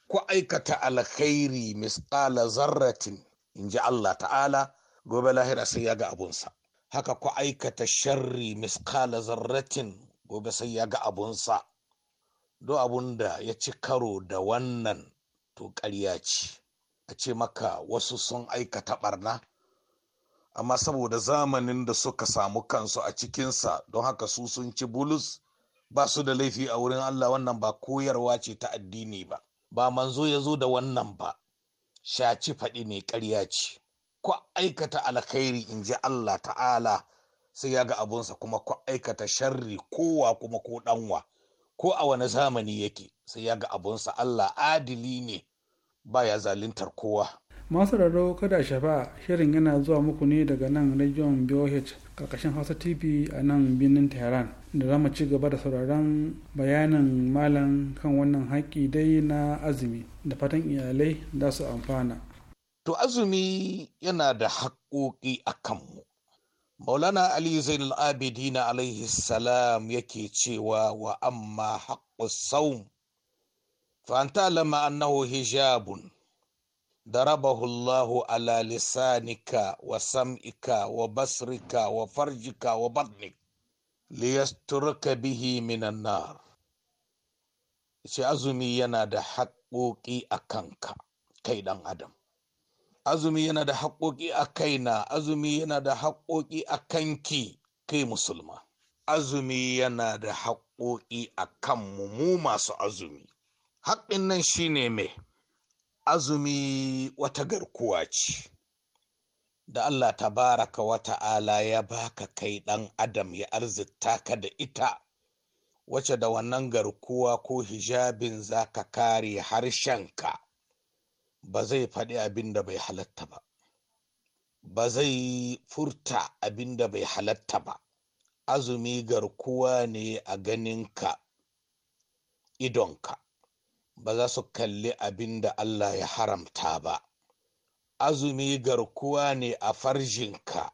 ku aikata alkhairi misqala zarratin in ji Allah ta'ala gobe lahira sai ya ga abunsa haka ku aikata sharri misqala zarratin gobe sai ya ga abunsa do abunda ya ci karo da wannan to ƙarya ce a ce maka wasu sun aikata barna amma saboda zamanin da suka samu kansu a cikinsa don haka su sun ci bulus ba su da laifi a wurin Allah wannan ba koyarwa ce ta addini ba ba manzo ya zo da wannan ba shaci faɗi ne karya ce ku aikata alkhairi in ji Allah ta'ala sai ya ga abunsa kuma ku aikata sharri kowa kuma ko ɗanwa ko a wani zamani yake sai ya ga abunsa Allah adili ne ba ya zaluntar kowa masu raro kada shafa shirin yana zuwa muku ne daga nan region BioH, karkashin Hausa TV a nan birnin Tehran da za mu ci gaba da sauraron bayanin malam kan wannan haƙi dai na azumi da fatan iyalai za su amfana. To azumi yana da haƙoƙi a kanmu. Maulana Ali Zainul al'abidina alaihi salam yake cewa wa amma haƙƙo saum fa'anta lama annahu hijabun ضربه الله على لسانك وسمعك وبصرك وفرجك وبطنك ليسترك به من النار shi azumi yana da haƙoƙi a kanka kai ɗan adam azumi yana da haƙoƙi a kaina azumi yana da haƙoƙi a kanki kai musulma azumi yana da haƙoƙi a kanmu mu masu azumi haƙƙin nan shine mai azumi wata garkuwa ce da Allah ta baraka wata ala ya baka kai ɗan adam ya arzita ka da ita wace da wannan garkuwa ko hijabin za ka kare harshenka ba zai faɗi abin da bai halatta ba ba zai furta abin da bai halatta ba azumi garkuwa ne a ganinka idonka ba za su kalli abin da Allah ya haramta ba. Azumi garkuwa ne a farjinka,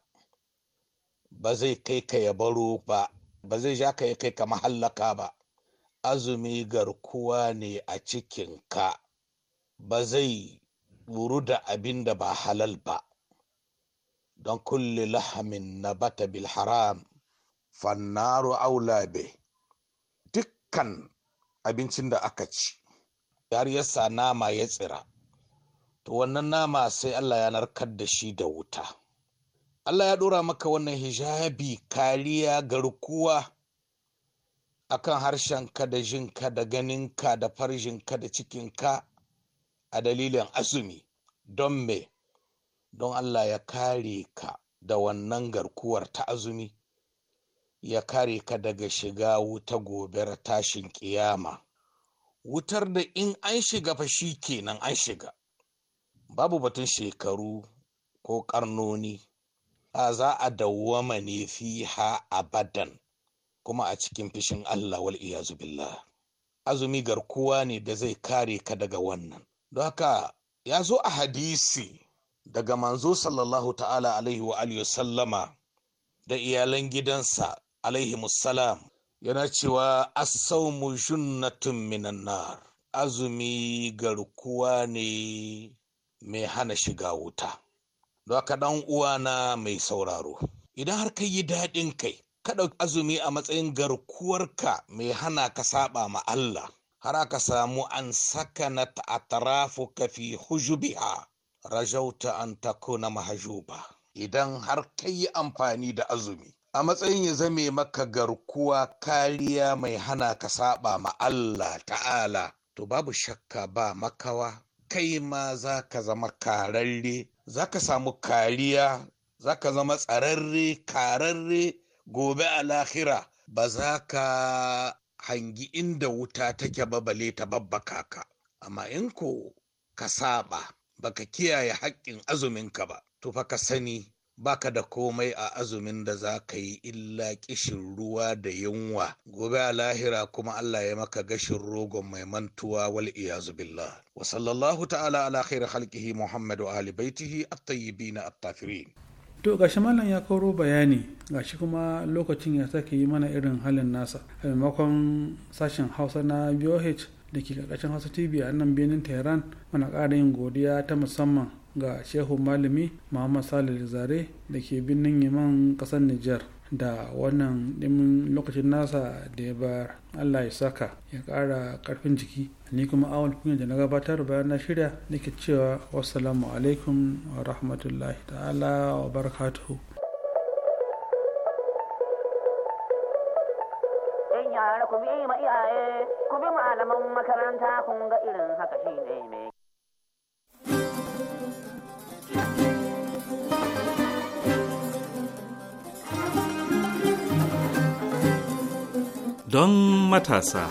ba zai kai ka ya baro ba, ba zai ja ka ya kai ka mahallaka ba. Azumi garkuwa ne a cikinka, ba zai wuru da abin da ba halal ba. Don kulle lahamin na bata bil haram, fannaru aula be, dukkan abincin da aka ci. har ya sa nama ya tsira to wannan nama sai Allah ya narkar da shi da wuta Allah ya ɗora maka wannan hijabi kariya garkuwa akan harshenka da jinka da ganinka da farjinka da cikin ka a dalilin azumi don me don Allah ya kare ka da wannan garkuwar ta azumi ya kare ka daga shiga wuta gobe tashin kiyama wutar da in an shiga fa shi kenan an shiga babu batun shekaru ko karnoni a za a dawwama ne ha abadan kuma a cikin fishin Allah wal iyazu billah azumi garkuwa ne da zai kare ka daga wannan don haka ya zo a hadisi daga manzo sallallahu ta'ala alaihi wa alihi sallama da iyalan gidansa alaihi musallam yana cewa asaumu junnatun minan nar azumi garkuwa ne mai hana shiga wuta don haka dan uwana mai sauraro idan har ka yi daɗin kai ka ɗauki azumi a matsayin garkuwarka mai hana ka saba ma Allah har aka samu an saka na ta'atarafu ka fi hujubiha rajauta an takuna mahajuba idan har ka yi amfani da azumi a matsayin ya zame maka garkuwa kariya mai hana ka saba ma Allah ta'ala to babu shakka ba makawa kai ma za ka zama kararre za ka samu kariya za ka zama tsararre kararre gobe a lahira ba za ka hangi inda wuta take babale ta babbaka ka amma in ko ka saba baka kiyaye haƙƙin azuminka ba to fa ka sani baka da komai a azumin da za ka yi illa kishin ruwa da yunwa gobe a lahira kuma Allah ya maka gashin rogon mai mantuwa wal iyazu billah wa sallallahu ta'ala ala khairi halkihi muhammad wa ali baitihi at-tayyibin at to gashi malam ya koro bayani gashi kuma lokacin ya sake yi mana irin halin nasa a maimakon sashen hausa na bioh da ke karkashin hausa tv a nan birnin tehran muna kara yin godiya ta musamman ga shehu malami muhammad salih zare da ke birnin yaman kasar nijar da wannan dimin lokacin nasa da ya ba allah ya saka ya kara karfin jiki ni kuma awon kunya da na gabatar bayan na shirya nake cewa wassalamu alaikum wa rahmatullahi ta'ala wa barakatuhu ku bi ma iyaye ku bi malaman makaranta kun ga irin haka shine don matasa.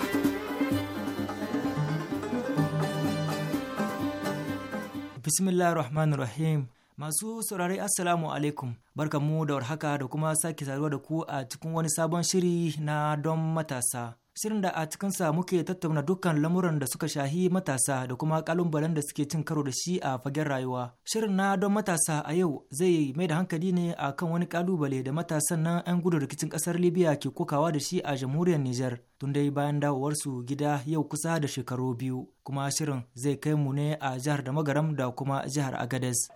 Bismillah Rahman Rahim Masu saurare Assalamu alaikum barkamu da warhaka da kuma sake saduwa da ku a cikin wani sabon shiri na don matasa. shirin da a cikinsa muke tattauna dukkan lamuran da suka shahi matasa da kuma kalubalen da suke cin karo da shi a fagen rayuwa. Shirin na don matasa a yau zai mai da hankali ne a kan wani kalubale da matasan nan 'yan gudun rikicin kasar Libya ke kokawa da shi a jamhuriyar Nijar tun dai bayan dawowarsu gida yau kusa da shekaru biyu. Kuma shirin zai kai mu ne a jihar da magaram da kuma jihar Agadez.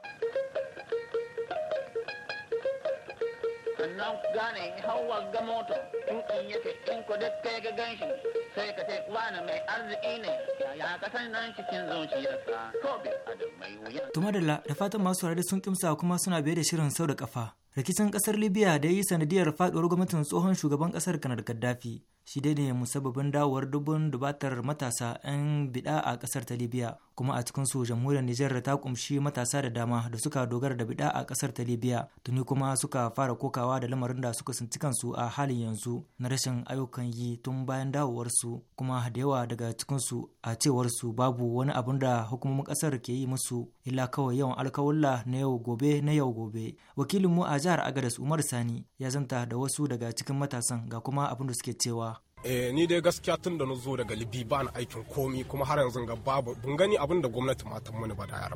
sannan gane hawa ga moto tukan yake in ko duk kai ga ganshi sai ka ce wani mai arziki ne ya ka san nan cikin zuciyarsa ko bi adam mai wuya. to da fatan masu rari sun kimsa kuma suna biye da shirin sau da kafa rikicin kasar libya da ya yi sanadiyar faduwar gwamnatin tsohon shugaban kasar kanar gaddafi shi dai ne musabbabin dawowar dubun dubatar matasa 'yan bida a kasar ta libya kuma a cikin su jamhuriyar nijar ta kumshi matasa da dama da suka dogara da bida a kasar ta libya tuni kuma suka fara kokawa da lamarin da suka sunci kansu a halin yanzu na rashin ayyukan yi tun bayan dawowarsu kuma da yawa daga cikinsu a cewar su babu wani abun da hukumomin kasar ke yi musu illa kawai yawan alkawulla na yau gobe na yau gobe wakilin mu a jihar Agadas Umar Sani ya zanta da wasu daga cikin matasan ga kuma abin da suke cewa. Eh, ni dai gaskiya tun da na zo daga Libi ba na aikin komi kuma har yanzu ga babu bun gani abin da gwamnati ma ta mani ba da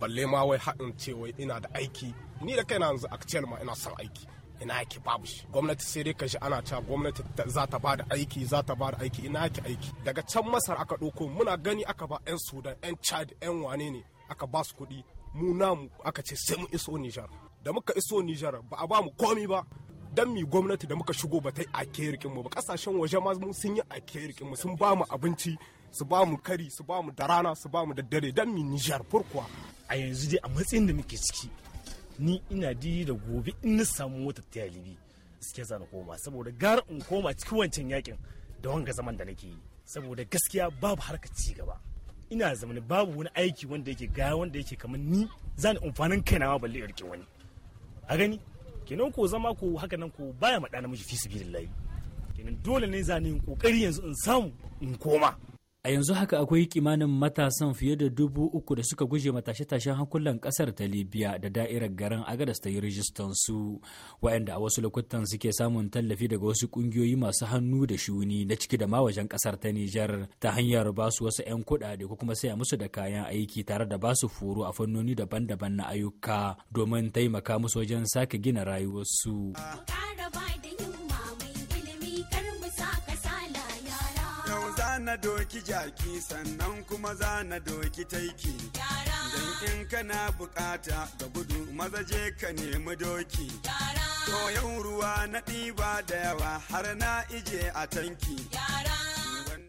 Balle ma wai haɗin ce wai ina da aiki ni da kaina yanzu actual ma ina son aiki. ina yake babu shi gwamnati sai dai kashi ana cewa gwamnati za ta bada aiki za ta bada aiki ina yake aiki daga can masar aka ɗauko muna gani aka ba 'yan sudan 'yan chad 'yan wane ne aka ba su kuɗi mu namu aka ce sai mu iso nijar da muka iso Nijar ba a ba mu komi ba dan mi gwamnati da muka shigo ba ta a rikin mu ba kasashen waje ma sun yi a rikin mu sun ba mu abinci su ba mu kari su ba mu da rana su ba mu da dare dan mi Nijar furkuwa a yanzu dai a matsayin da muke ciki ni ina di da gobe in na samu wata talibi suke zana koma saboda gara in koma cikin wancan yakin da wanga zaman da nake yi saboda gaskiya babu harka ci gaba ina zamani babu wani aiki wanda yake gaya wanda yake kamar ni zani amfanin kaina ma balle yarke wani a gani kenan ko zama ko haka nan ko baya maɗana namiji fi su bi kenan dole ne zane kokari yanzu in samu in koma A yanzu haka akwai kimanin matasan fiye da dubu uku da suka guje matashe-tashen hankulan kasar ta Libya da da'irar garin Agadas ta yi rijistan su, waɗanda a wasu lokutan suke samun tallafi daga wasu ƙungiyoyi masu hannu da shuni na ciki da mawajen kasar ta Nijar ta hanyar ba su wasu 'yan kuɗaɗe ko kuma saya musu da kayan aiki tare da ba su foro a fannoni daban-daban na ayyuka domin taimaka musu wajen sake gina rayuwarsu. na doki jaki sannan kuma za na doki taiki don in kana bukata ga gudu maza je ka nemi doki to yau ruwa na ɗiba da yawa har na ije a tanki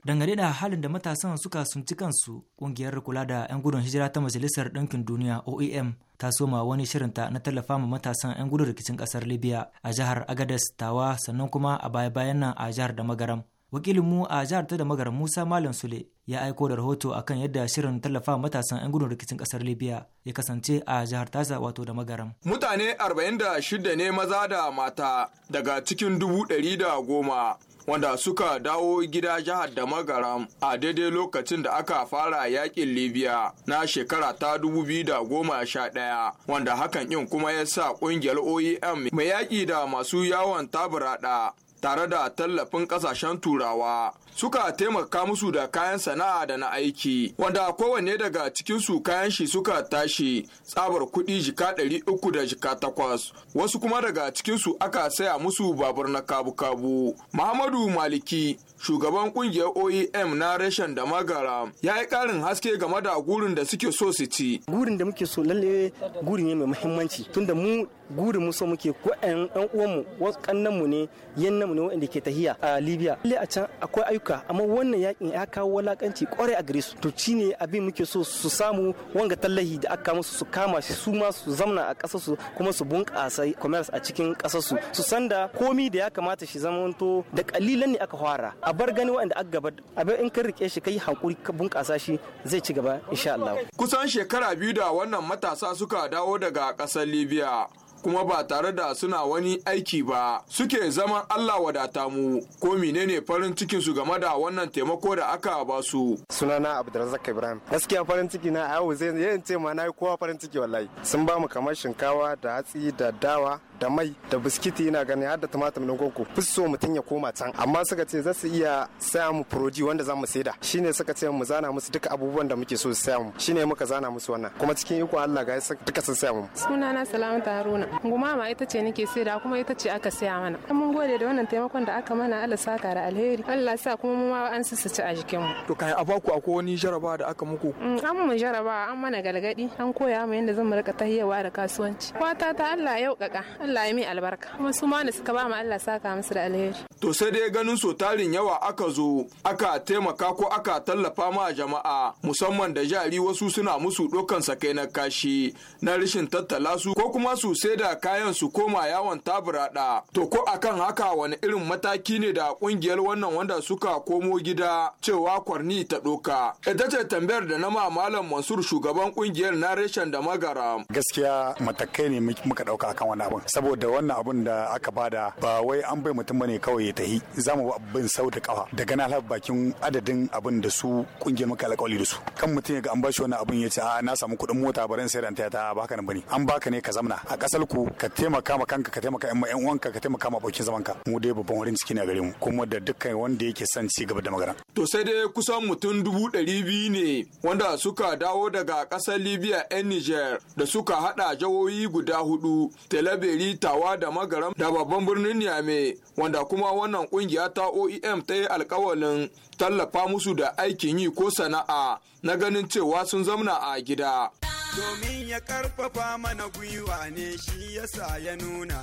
dangane da halin da matasan suka sunci kansu kungiyar kula da 'yan gudun hijira ta majalisar ɗinkin duniya oem ta soma wani shirinta na tallafa ma matasan 'yan gudun rikicin ƙasar libya a jihar agadas tawa sannan kuma a baya-bayan nan a jihar da magaram wakilinmu a jihar ta da magar musa malam sule ya aiko da rahoto akan yadda shirin tallafa matasan 'yan gudun rikicin kasar libya ya kasance a jihar tasa wato da magaram mutane 46 ne maza da mata daga cikin dubu ɗari da goma wanda suka dawo gida jihar da magaram a daidai lokacin da aka fara yakin libya na shekara ta da goma sha 2011 wanda hakan yin kuma ya sa kungiyar oem mai yaki da masu yawon taburada tare da tallafin kasashen turawa suka taimaka musu da kayan sana'a da na aiki wanda kowanne daga cikinsu kayan shi suka tashi tsabar kudi jika ɗari uku da jika takwas wasu kuma daga cikinsu aka saya musu babur na kabu-kabu muhammadu maliki shugaban kungiyar oem na reshen da magara ya yi karin haske game da gurin da suke so su ci gurin da muke so lalle gurin ne mai muhimmanci tunda mu gudun muso muke ko ɗan uwanmu wasu mu ne yannanmu ne waɗanda ke tahiya a libya lalle a can akwai ayyuka amma wannan yakin ya kawo walakanci kwarai a gare su to ci ne abin muke so su samu wanga tallahi da aka musu su kama shi su ma su zamna a ƙasar su kuma su bunƙasa commerce a cikin ƙasar su su san da komi da ya kamata shi zamanto da kalilan ne aka fara a bar gani waɗanda aka gaba abin in ka rike shi kai hankuri ka bunƙasa shi zai ci gaba insha Allah kusan shekara biyu da wannan matasa suka dawo daga kasar Libya kuma ba tare da suna wani aiki ba suke zaman Allah wadata mu ko menene farin cikin su game da wannan taimako da aka ba su sunana Abdulrazak Ibrahim gaskiya farin ciki na yau zai yin ce ma nayi kowa farin ciki wallahi sun ba mu kamar shinkawa da hatsi da dawa da mai da biskiti ina ganin har da tumatir din koko so mutum ya koma can amma suka ce za su iya saya mu furoji wanda za mu saida shine suka ce mu zana musu duka abubuwan da muke so su saya mu shine muka zana musu wannan kuma cikin iko Allah ga duka sun saya mu sunana Salamatu Haruna gumama ita ce nake saida kuma ita ce aka saya mana mun gode da wannan taimakon da aka mana Allah saka da alheri Allah sa kuma mu ma an sassace a jikin mu to kai a baku akwai wani jaraba da aka muku mm, an mu jaraba an mana galgadi an koya mu yadda zan rika tahiyawa da kasuwanci fata ta Allah ya yaukaka Allah ya min albarka kuma su ma suka ba mu Allah saka musu da alheri to sai dai ganin so tarin yawa aka zo aka taimaka ko aka tallafa ma jama'a musamman da jari wasu suna musu dokan sakai na kashi na rashin tattala su ko kuma su sai da kayan su koma yawon taburada to ko akan haka wani irin mataki ne da kungiyar wannan wanda suka komo gida cewa kwarni ta doka ita ce tambayar da na ma malam mansur shugaban kungiyar na reshen da magara gaskiya matakai ne muka dauka akan wannan abun saboda wannan abun da aka bada ba wai an bai mutum bane kawai ya tahi zamu bin sau da kafa daga na bakin adadin abun da su kungiyar muka alƙawari da su kan mutum ya ga an bashi wani abun ya ce a na samu kuɗin mota barin sayar da ta ba haka ba bane an baka ne ka zamna a ƙasar ku ka taimaka ma kanka ka taimaka ma yan uwanka ka taimaka ma abokin zamanka mu dai babban wurin ciki ne a gare mu kuma da dukkan wanda yake son ci gaba da magana to sai dai kusan mutum dubu ɗari biyu ne wanda suka dawo daga ƙasar libya yan niger da suka haɗa jawoyi guda hudu telaberi tawa da magaram da babban birnin niamey wanda kuma wannan kungiya ta oem ta yi alkawalin tallafa musu da aikin yi ko sana'a na ganin cewa sun zamna a gida. Domin ya karfafa mana gwiwa ne shi yasa ya nuna.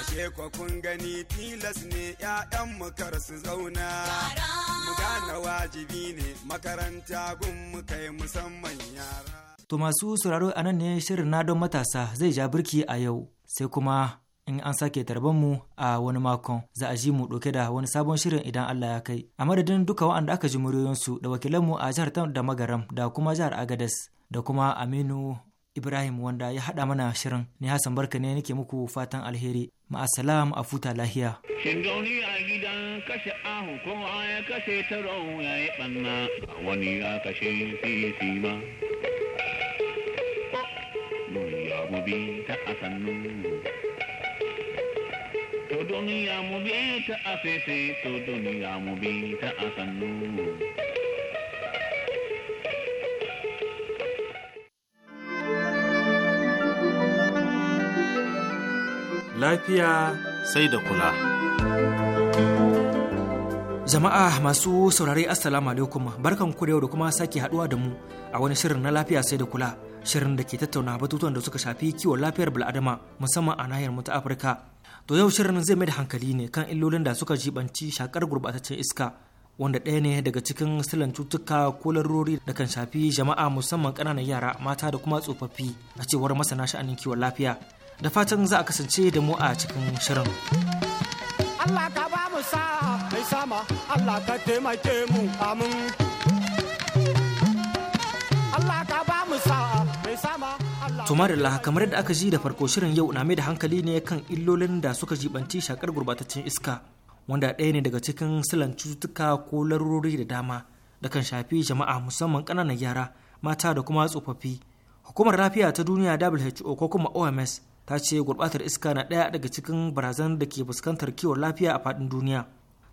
Ashe kwa kun gani tilas ne ‘ya'yan makar su zauna. Mu gane wajibi ne makaranta gun mu kai musamman yara. To masu sauraro anan nan ne shirin na don matasa zai ja birki a yau sai kuma in an sake tarban mu a wani makon za a ji mu ɗauke da wani sabon shirin idan Allah ya kai a madadin duka waɗanda aka ji muryoyinsu da mu a jihar da magaram da kuma jihar Agadez da kuma Aminu Ibrahim wanda ya haɗa mana shirin ni Hassan Barka ne nake muku fatan alheri ma'asalam a futa lahiya. Shin gauni a gidan kashe ahu ko ya kashe taro ya yi ɓanna wani ya kashe ma. ya ta asannu to duniya mu bi ta a to duniya mu bi ta asanu. lafiya sai da kula jama'a masu saurari assalamu alaikum barkan ku da yau da kuma sake haduwa da mu a wani shirin na lafiya sai da kula shirin da ke tattauna batutuwan da suka shafi kiwon lafiyar bil'adama musamman a nahiyar mu ta afirka To yau shirin zai mai da hankali ne kan illolin da suka jibanci shakar gurbataccen iska wanda ɗaya ne daga cikin silan cutuka ko larurori da kan shafi jama'a musamman ƙananan yara mata da kuma tsofaffi a cewar masana sha'anin kiwon lafiya. Da fatan za a kasance da mu a cikin shirin. Allah ka ba mu sa'a mai sama Allah ka taimake mu amin. Tumarilla kamar yadda aka ji da farko shirin yau na mai da hankali ne kan illolin da suka jibanci shakar gurbataccen iska wanda ɗaya ne daga cikin silan cututtuka ko larurori da dama da kan shafi jama'a musamman ƙananan yara mata da kuma tsofaffi. Hukumar lafiya ta duniya WHO ko kuma OMS ta ce gurbatar iska na ɗaya daga cikin barazan da ke fuskantar kiwon lafiya a faɗin duniya.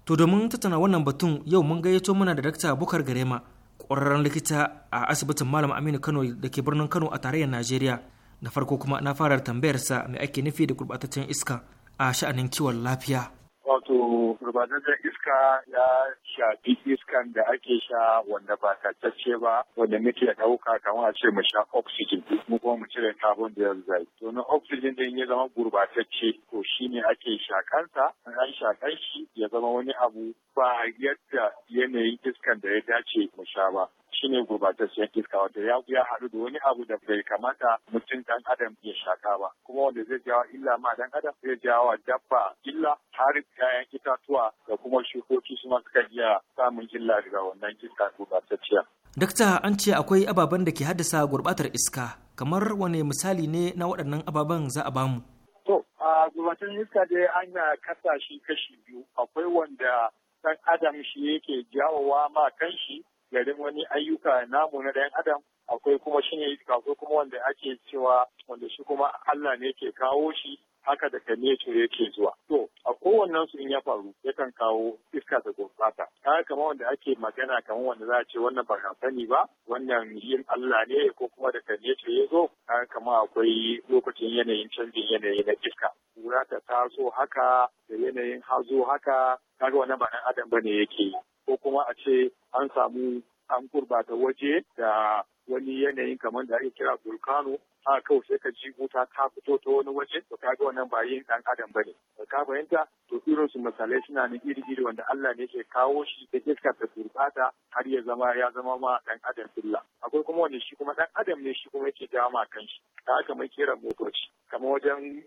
To domin tattauna wannan batun yau mun gayyato mana da Dakta Bukar Garema ƙwararren likita a asibitin malam aminu kano da ke birnin kano a tarayyar najeriya na farko kuma na fara tambayarsa mai ake nufi da gurɓataccen iska a sha'anin kiwon lafiya Wato da iska ya shafi iskan da ake sha wanda ba tatacce ba wanda muke ɗauka kamar a ce mu sha oxygen mu kuma mu cire carbon dioxide. To na oxygen din ya zama gurbatacce to shine ake shakansa in an shakan shi ya zama wani abu ba yadda yanayin iskan da ya dace mu sha ba. ne gurbataccen iska da ya ya haɗu da wani abu da bai kamata mutum dan adam ya shaka ba kuma wanda zai jawo illa ma dan adam zai jawo dabba illa har kayan itatuwa da kuma shukoki su ma suka iya samun illa daga wannan iska gurbatacciya. Dakta an ce akwai ababen da ke haddasa gurbatar iska kamar wane misali ne na waɗannan ababen za a bamu. To, a gurbatar iska dai ana kasa shi kashi biyu akwai wanda ɗan adam shi yake jawowa ma kanshi garin wani ayyuka namu na ɗan adam akwai kuma shi ne kaso kuma wanda ake cewa wanda shi kuma Allah ne ke kawo shi haka daga neto yake zuwa. To, a kowannen su in ya faru yakan kawo iska da gurbata. Kaga kamar wanda ake magana kamar wanda za a ce wannan ba sani ba, wannan yin Allah ne ko kuma daga neto ya zo, kaga kamar akwai lokacin yanayin canjin yanayi na iska. Kura ta taso haka da yanayin hazo haka, kaga wannan ba ɗan adam ba ne yake yi. ko kuma a ce an samu an gurbata waje da wani yanayin kamar da ake kira volcano a kawai sai ka ji wuta ta fito ta wani waje to ga wannan ba yin dan adam bane ka fahimta to irin su misalai suna nan iri iri wanda Allah ne ke kawo shi da iska ta gurbata har ya zama ya zama ma dan adam illa akwai kuma wanda shi kuma dan adam ne shi kuma yake dama kanshi ta haka mai motoci kamar wajen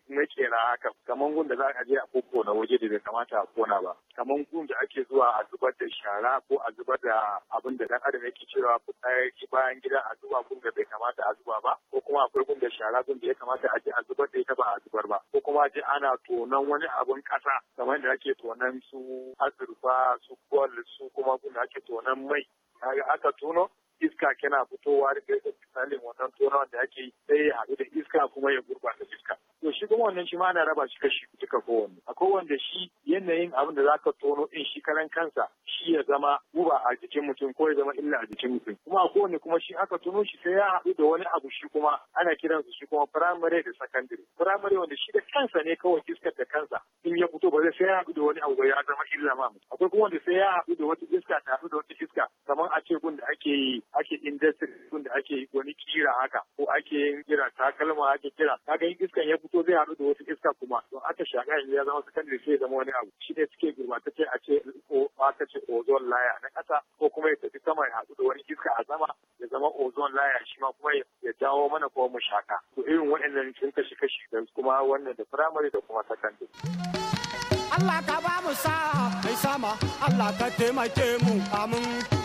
na haka kamar gun da za a je a kokona waje da bai kamata a kona ba kamar gun da ake zuwa a zubar da shara ko a zubar da abin da dan adam yake cewa fitsari bayan gida a zuba gun da bai kamata a zuba ba ko kuma akwai gun da shara gun da ya kamata a je a zubar da ita ba a zubar ba ko kuma je ana tonon wani abun kasa kamar da ake tonon su azurfa su gwal su kuma gun da ake tonon mai kaga aka tono iska kena fitowa da gaisa misalin wannan tona da ake yi sai ya haɗu da iska kuma ya gurɓata iska. To shi kuma wannan shi ma ana raba shi kashi duka kowanne. Akwai wanda shi yanayin abin da zaka tono ɗin shi karan kansa shi ya zama guba a jikin mutum ko ya zama illa a jikin mutum. Kuma a kowanne kuma shi aka tono shi sai ya haɗu da wani abu shi kuma ana kiransu shi kuma firamare da sakandare. Firamare wanda shi da kansa ne kawai iskar da kansa in ya fito ba zai sai ya haɗu da wani abu ba ya zama illa ma mutum. Akwai kuma wanda sai ya haɗu da wata iska ta haɗu da wata iska kamar a ce gun da ake yi ake industry da ake wani kira haka ko ake yin kira takalma ake kira kaga in iskan ya fito zai haɗu da wasu iska kuma don aka shaka yanzu ya zama sakandare sai ya zama wani abu shi ne suke gurbatacce a ce ko aka ce ozon laya na ƙasa ko kuma ya tafi sama ya haɗu da wani iska a sama ya zama ozon laya shi ma kuma ya jawo mana kuma mu shaka to irin waɗannan sun kashi kashi da kuma wannan da primary da kuma secondary. Allah ka ba mu sa mai sama Allah ka taimake mu amin.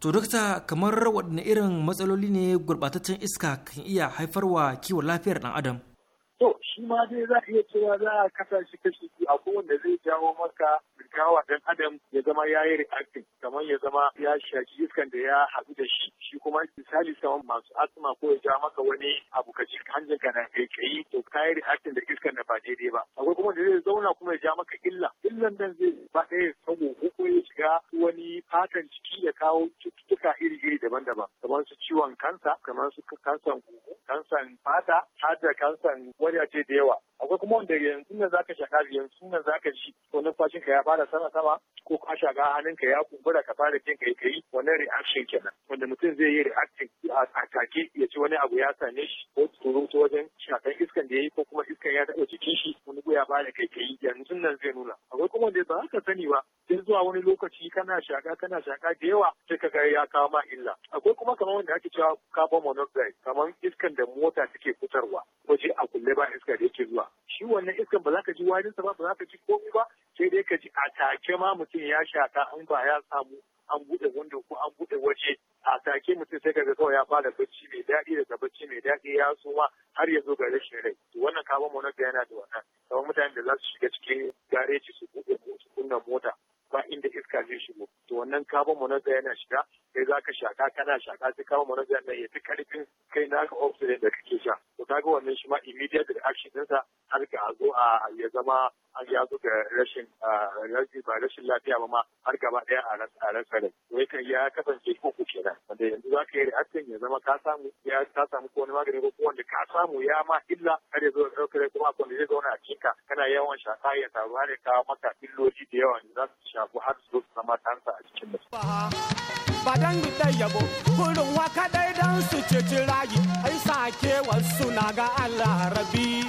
to dokta kamar waɗanne irin matsaloli ne gurɓataccen iska kan iya haifarwa kiwon lafiyar ɗan adam To shi ma dai za a iya cewa za a kasa shi kashi biyu a kowanne zai jawo maka gawa dan adam ya zama ya yi reacting kamar ya zama ya shaki iskan da ya haɗu da shi shi kuma misali saman masu asma ko ya ja maka wani abu ka hanjin ka na kai to ka yi reacting da iskan da ba daidai ba akwai kuma da zai zauna kuma ya ja maka illa illan nan zai ba ɗaya sabo ko ya shiga wani fatan ciki ya kawo cututtuka iri-iri daban-daban kamar su ciwon kansa kamar su kansan huhu kansan fata har da kansan wani malaria ce da yawa akwai kuma wanda yanzu ne zaka shaka yanzu ne zaka ji ko numfashin ka ya fara sama sama ko ka shaka hannunka ya kumbura ka fara jin kai kai wannan reaction kenan wanda mutum zai yi reaction a take ya ci wani abu ya same shi ko tsoro ta wajen shakan iskan da ya yi ko kuma iskan ya taɓa jikin shi wani ya fara kai kai yanzu nan zai nuna akwai kuma wanda ba ka sani ba sai zuwa wani lokaci kana shaka kana shaka da yawa sai ka ga ya kawo ma illa akwai kuma kamar wanda ake cewa carbon monoxide kamar iskan da mota take fitarwa waje a kulle ba iska da yake zuwa shi wannan iska ba za ka ji warin ba ba za ka ji komai ba sai dai ka ji a take ma mutum ya shaka an ba ya samu an bude wando ko an bude waje a take mutum sai ga kawai ya fara bacci mai daɗi daga bacci mai daɗi ya suma har ya zo ga rashin rai to wannan kama na yana da wannan kamar mutanen da za su shiga cikin gareji su su kunna mota ba inda iska zai shigo to wannan carbon monoxide yana shiga sai za ka shaka kana shaka sai carbon monoxide nan ya fi karfin kai naka oxygen da kake sha ga wannan shi ma immediate reaction ɗinsa har ga zo a ya zama an ya zo ga ah, rashin ba rashin lafiya ba ma har gaba ɗaya a rasa rai wai kan ya kasance ku kenan wanda yanzu za ka yi reaction ya zama ka samu ya ka samu ko wani magani ko wanda ka samu ya ma illa har ya zo da ɗaukar kuma ko da zai zauna a ka kana yawan shafa ya taru har ya kawo maka illoli da yawa za su shafi har su zama kansa a cikin mutum. Ba dan yabo, kurin waka ɗaya dan su ce ci rayu. ana kewar na ga Allah rabi.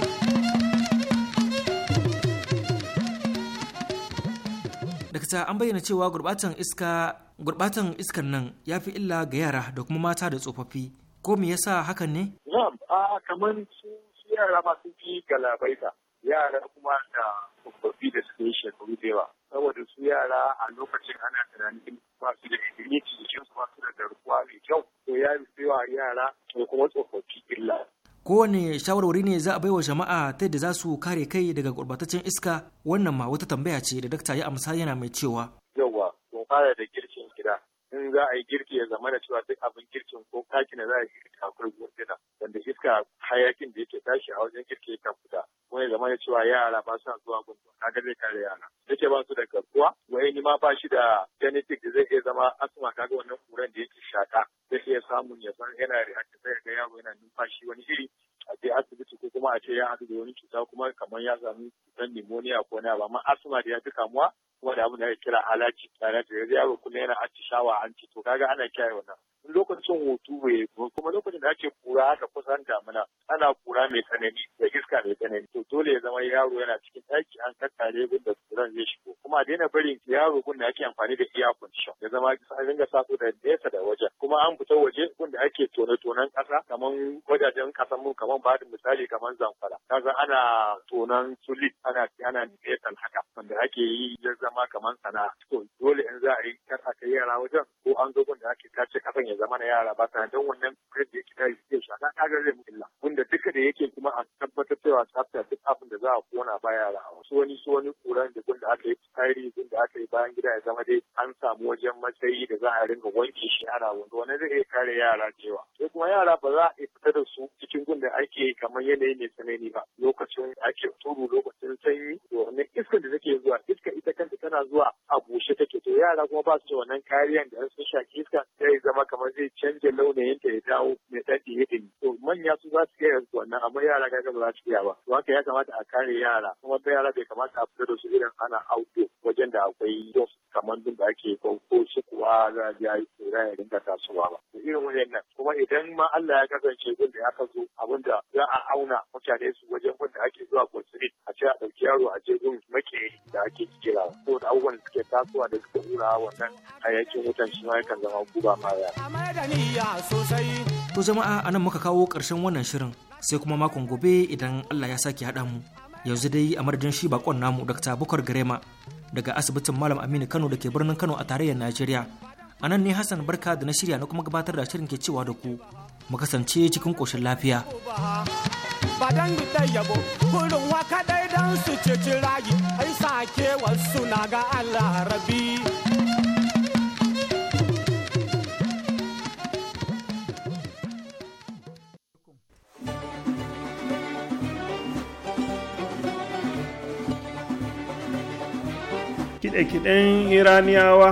Dakta an bayyana cewa gurbatan iska gurbatan iskar nan ya fi illa ga yara da kuma mata da tsofaffi. Ko me yasa hakan ne? Yam, a kamar su yara masu fi galabaita. Yara kuma da tsofaffi da suka yi shekaru da yawa. Saboda su yara a lokacin ana tunanin ba su da ilimi cikin su ba su da garkuwa mai kyau. to ya fi wa yara ko kuma tsofaffi illa. Kowane shawarwari ne za a baiwa jama'a ta yadda za su kare kai daga gurbataccen iska wannan ma wata tambaya ce da dakta ya amsa yana mai cewa. Yawwa, sun fara da girkin gida. In za a yi girki ya zama da cewa duk abin girkin ko kakin da za a yi girki akwai gida wanda iska hayakin da yake tashi a wajen girki kan fita. Wani zama ya cewa yara ba su zuwa gunduwa kaga zai kare yara yake ba su da garkuwa wani ma ba shi da genetic da zai iya zama asma kaga wannan kuran da yake shaka zai iya samun ya san yana react sai ga yaro yana numfashi wani iri a je asibiti ko kuma a ce ya haɗu da wani cuta kuma kamar ya samu cutar pneumonia ko ne ba amma asma da ya fi kamuwa kuma da abin da ya kira alaci tare da yanzu yaro kuma yana atishawa an ci to kaga ana kiyaye wannan lokacin hutu bai kuma lokacin da ake kura haka kusan damina ana kura mai tsanani da iska mai tsanani to dole ya zama yaro yana cikin ɗaki an kakkare gun da tsoron zai shigo kuma a daina barin yaro gun da ake amfani da iya condition ya zama a dinga sa su da nesa da wajen kuma an fita waje gun da ake tone tonen ƙasa kamar wajajen ƙasan mu kamar ba da misali kamar zamfara kaza ana tonan su ana ana nesa haka wanda ake yi ya zama kamar sana'a to dole in za a yi kar a kai yara wajen ko an zo gun da ake tace kasan ya zama na yara ba sa wannan kredit da ya tashi zai shaka zai mu illa haka da yake kuma a tabbatar cewa tsafta duk abin da za a kona ba yara a wasu wani su wani kuran da da aka yi tsari da aka yi bayan gida ya zama dai an samu wajen matsayi da za a ringa wanke shi ana wanda wani zai iya kare yara cewa sai kuma yara ba za a fita da su cikin gun da ake yi kamar yanayi mai tsanani ba lokacin ake turu lokacin sanyi Wannan iskar da take zuwa iska ita kanta tana zuwa yara kuma ba su da wannan kariyan da sun shaki iska sai zama kamar zai canja launayin ta ya dawo mai ɗan ɗiye to manya su za su iya yanzu wannan amma yara ga ba za su iya ba to haka ya kamata a kare yara kuma da yara bai kamata a fita da su irin ana auto wajen da akwai dos kamar duk da ake ko su kuwa za a ji yi tsira ya dinga tasowa ba irin nan. kuma idan ma Allah ya kasance gun da ya kazo abinda za a auna mutane su wajen gun da ake sai a ɗauki yaro a je gun makeri da ake kira ko da abubuwan da suke tasowa da suka hura wannan hayakin wutan shi ma yakan zama guba ma ya. To jama'a anan muka kawo ƙarshen wannan shirin sai kuma makon gobe idan Allah ya sake haɗa mu. Yanzu dai a madadin shi bakon namu Dr. Bukar Garema daga asibitin Malam Aminu Kano da ke birnin Kano a tarayyar Najeriya. A nan ne Hassan Barka da na shirya na kuma gabatar da shirin ke cewa da ku mu kasance cikin ƙoshin lafiya. ba dan da yabo kurin waka dai dan su ceci rayi ai sake wasu na ga Allah rabi kiɗe-kiɗen iraniyawa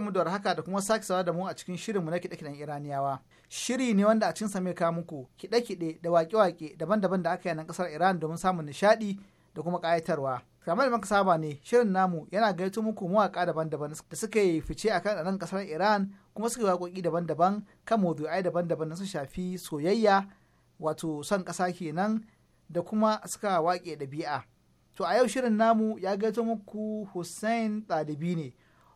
mu da haka da kuma sake sawa da mu a cikin shirinmu na kiɗe-kiɗen Iraniyawa. Shiri ne wanda a cikin sa mai kawo muku kiɗe-kiɗe da waƙe-waƙe daban-daban da aka yi nan ƙasar Iran domin samun nishaɗi da kuma ƙayatarwa. Kamar muka saba ne shirin namu yana gaito muku mawaƙa daban-daban da suka yi fice a kan nan ƙasar Iran kuma suka yi waƙoƙi daban-daban kan mawdu'ai daban-daban da su shafi soyayya wato son ƙasa kenan da kuma suka waƙe ɗabi'a. To a yau shirin namu ya gaito muku Hussein Ɗalibi ne.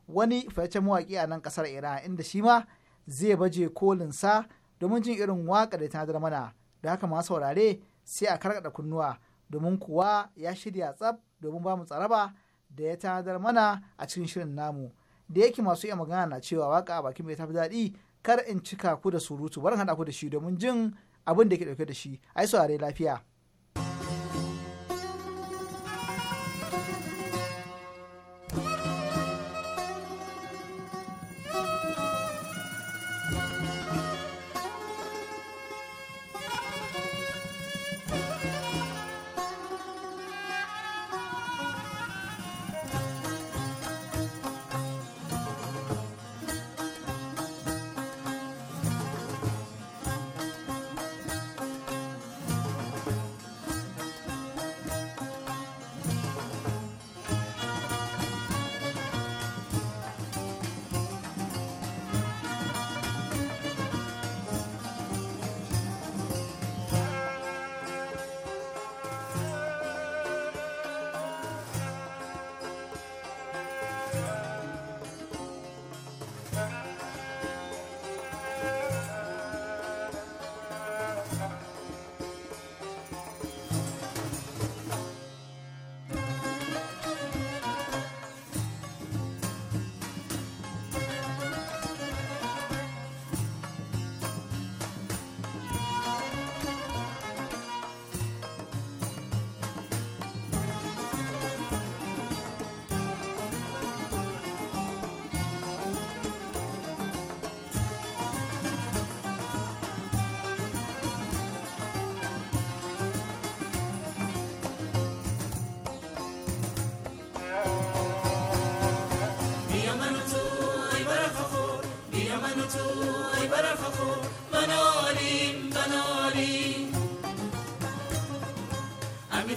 wani fitaccen mawaƙi a nan ƙasar iran inda shi ma zai baje kolinsa domin jin irin waƙa da ta mana da haka masu saurare sai a karkada kunnuwa domin kuwa ya shirya tsab domin ba mu tsaraba da ya tanadar mana a cikin shirin namu da yake masu iya magana na cewa waka a bakin mai tafi daɗi kar in cika ku da surutu barin haɗa ku da shi domin jin abin da ke ɗauke da shi ai saurare lafiya.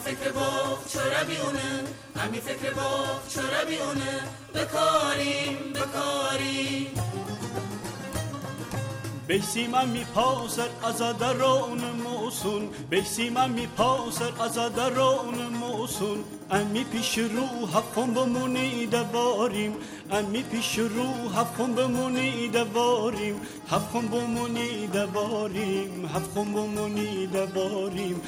فکر باغ چرا بیونه، همی فکر باغ چرا بیونه، بکاریم بکاریم می میپاسر از درون موسون می میپاسر از درون موسون امی پیش رو هفتم بمونی امی پیش رو خون بمونی دواریم خون بمونی دواریم خون بمونی دواریم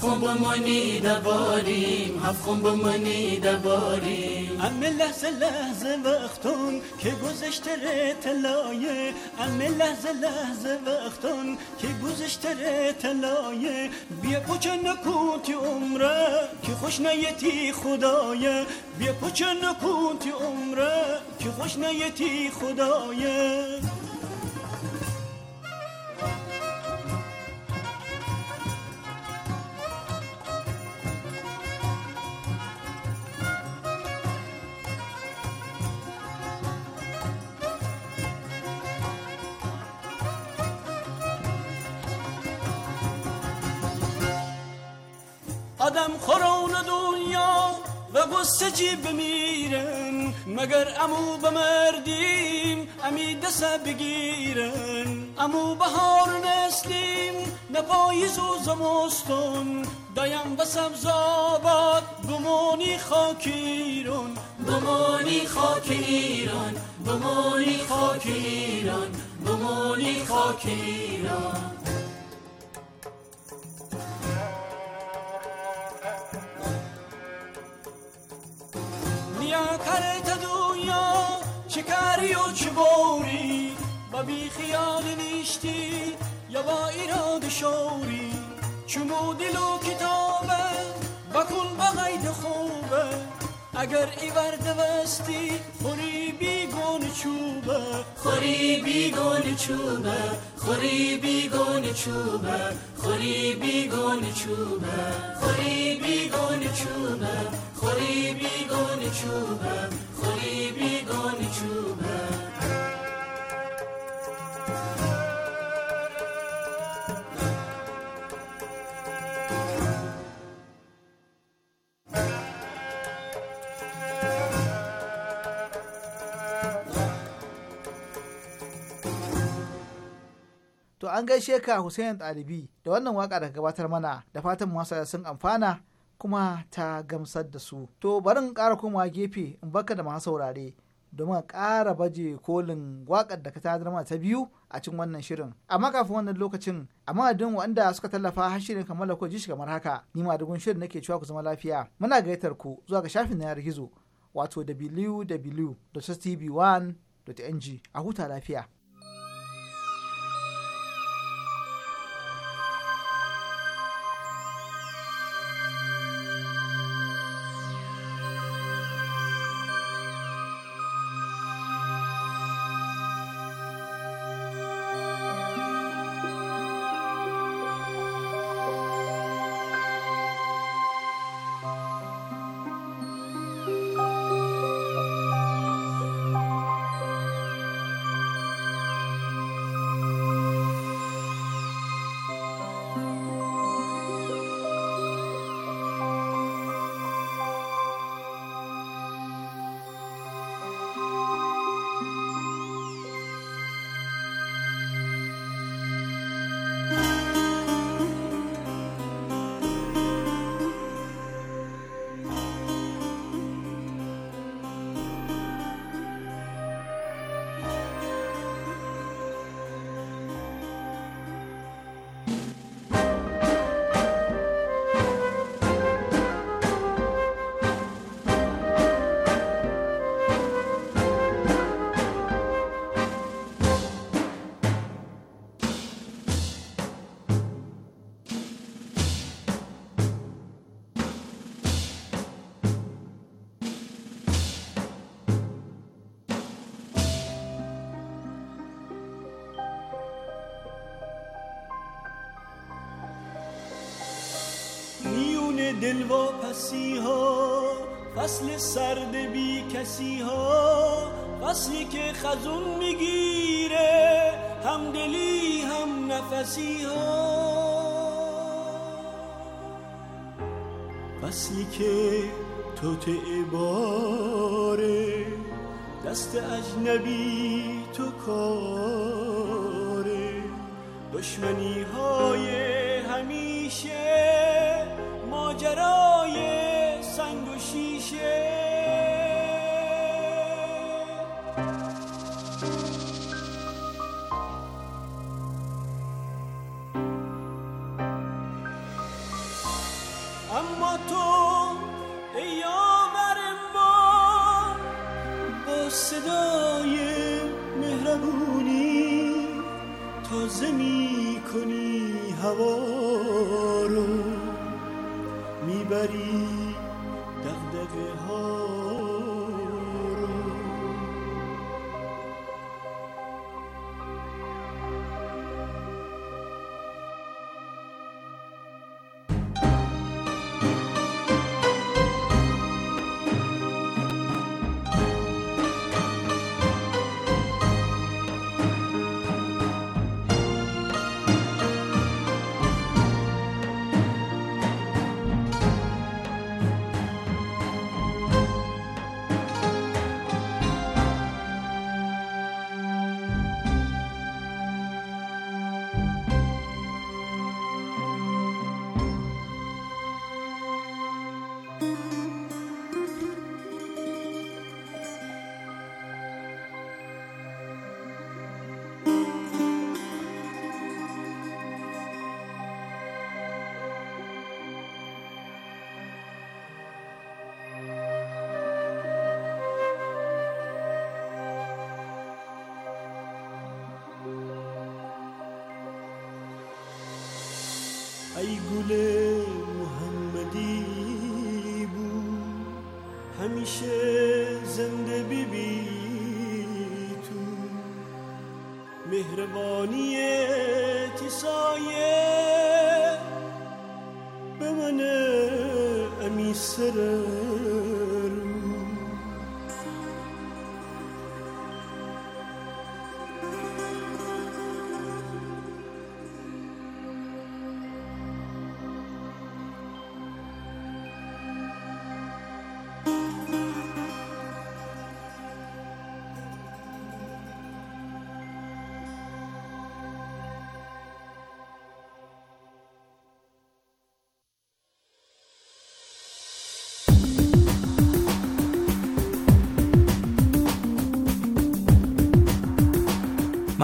خون بمونی دواریم خون بمونی دواریم امی لحظه لحظه وقتون که گذشته ره تلایه امی لحظه لحظه وقتون که گذشت ره تلایه بیا پوچه نکوتی عمره که خوش نیتی خدایه بیا پوچه نکوتی عمره که خوش نیتی خدایه آدم خورون دنیا و قصه جی بمیرن مگر امو بمردیم امی دست بگیرن امو بهار نسلیم نپاییز و زمستون دایم و سبز آباد بمونی خاک ایران بمونی خاک ایران بمونی خاک ایران بمونی خاک ایران یا که با بی خیال نیشتی یا با ایراد شوری چونو دلو کتابه و کل بغید خوبه اگر ای ورد وستی خوری بیگون چوبه خوری بیگون چوبه خوری بیگون چوبه خوری بیگون چوبه خوری بیگون چوبه خوری بیگون چوبه خوری بیگون چوبه an gaishe ka Hussein Ɗalibi da wannan waka da gabatar mana da fatan masu sun amfana kuma ta gamsar da su. To barin ƙara koma gefe in baka da masu saurare domin ƙara baje kolin waƙar da ka tadar mana ta biyu a cikin wannan shirin. Amma kafin wannan lokacin a duk wanda suka tallafa har shirin kamar ko jishi kamar haka ni ma dugun shirin nake cewa ku zama lafiya. Muna gaitar ku zuwa ga shafin na yanar gizo wato www.tv1.ng a huta lafiya. دل پسی ها فصل سرد بی کسی ها فصلی که خزون میگیره هم دلی هم نفسی ها فصلی که توت عباره دست اجنبی تو کاره دشمنی های lloró. أنا أمي السلام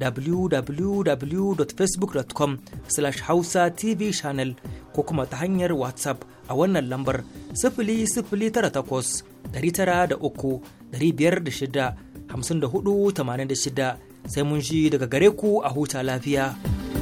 www.facebook.com slash hausa tv channel ko kuma ta hanyar whatsapp a wannan lambar sifili sifili da takwas tara uku biyar da shida sai mun shi daga gare ku a huta lafiya.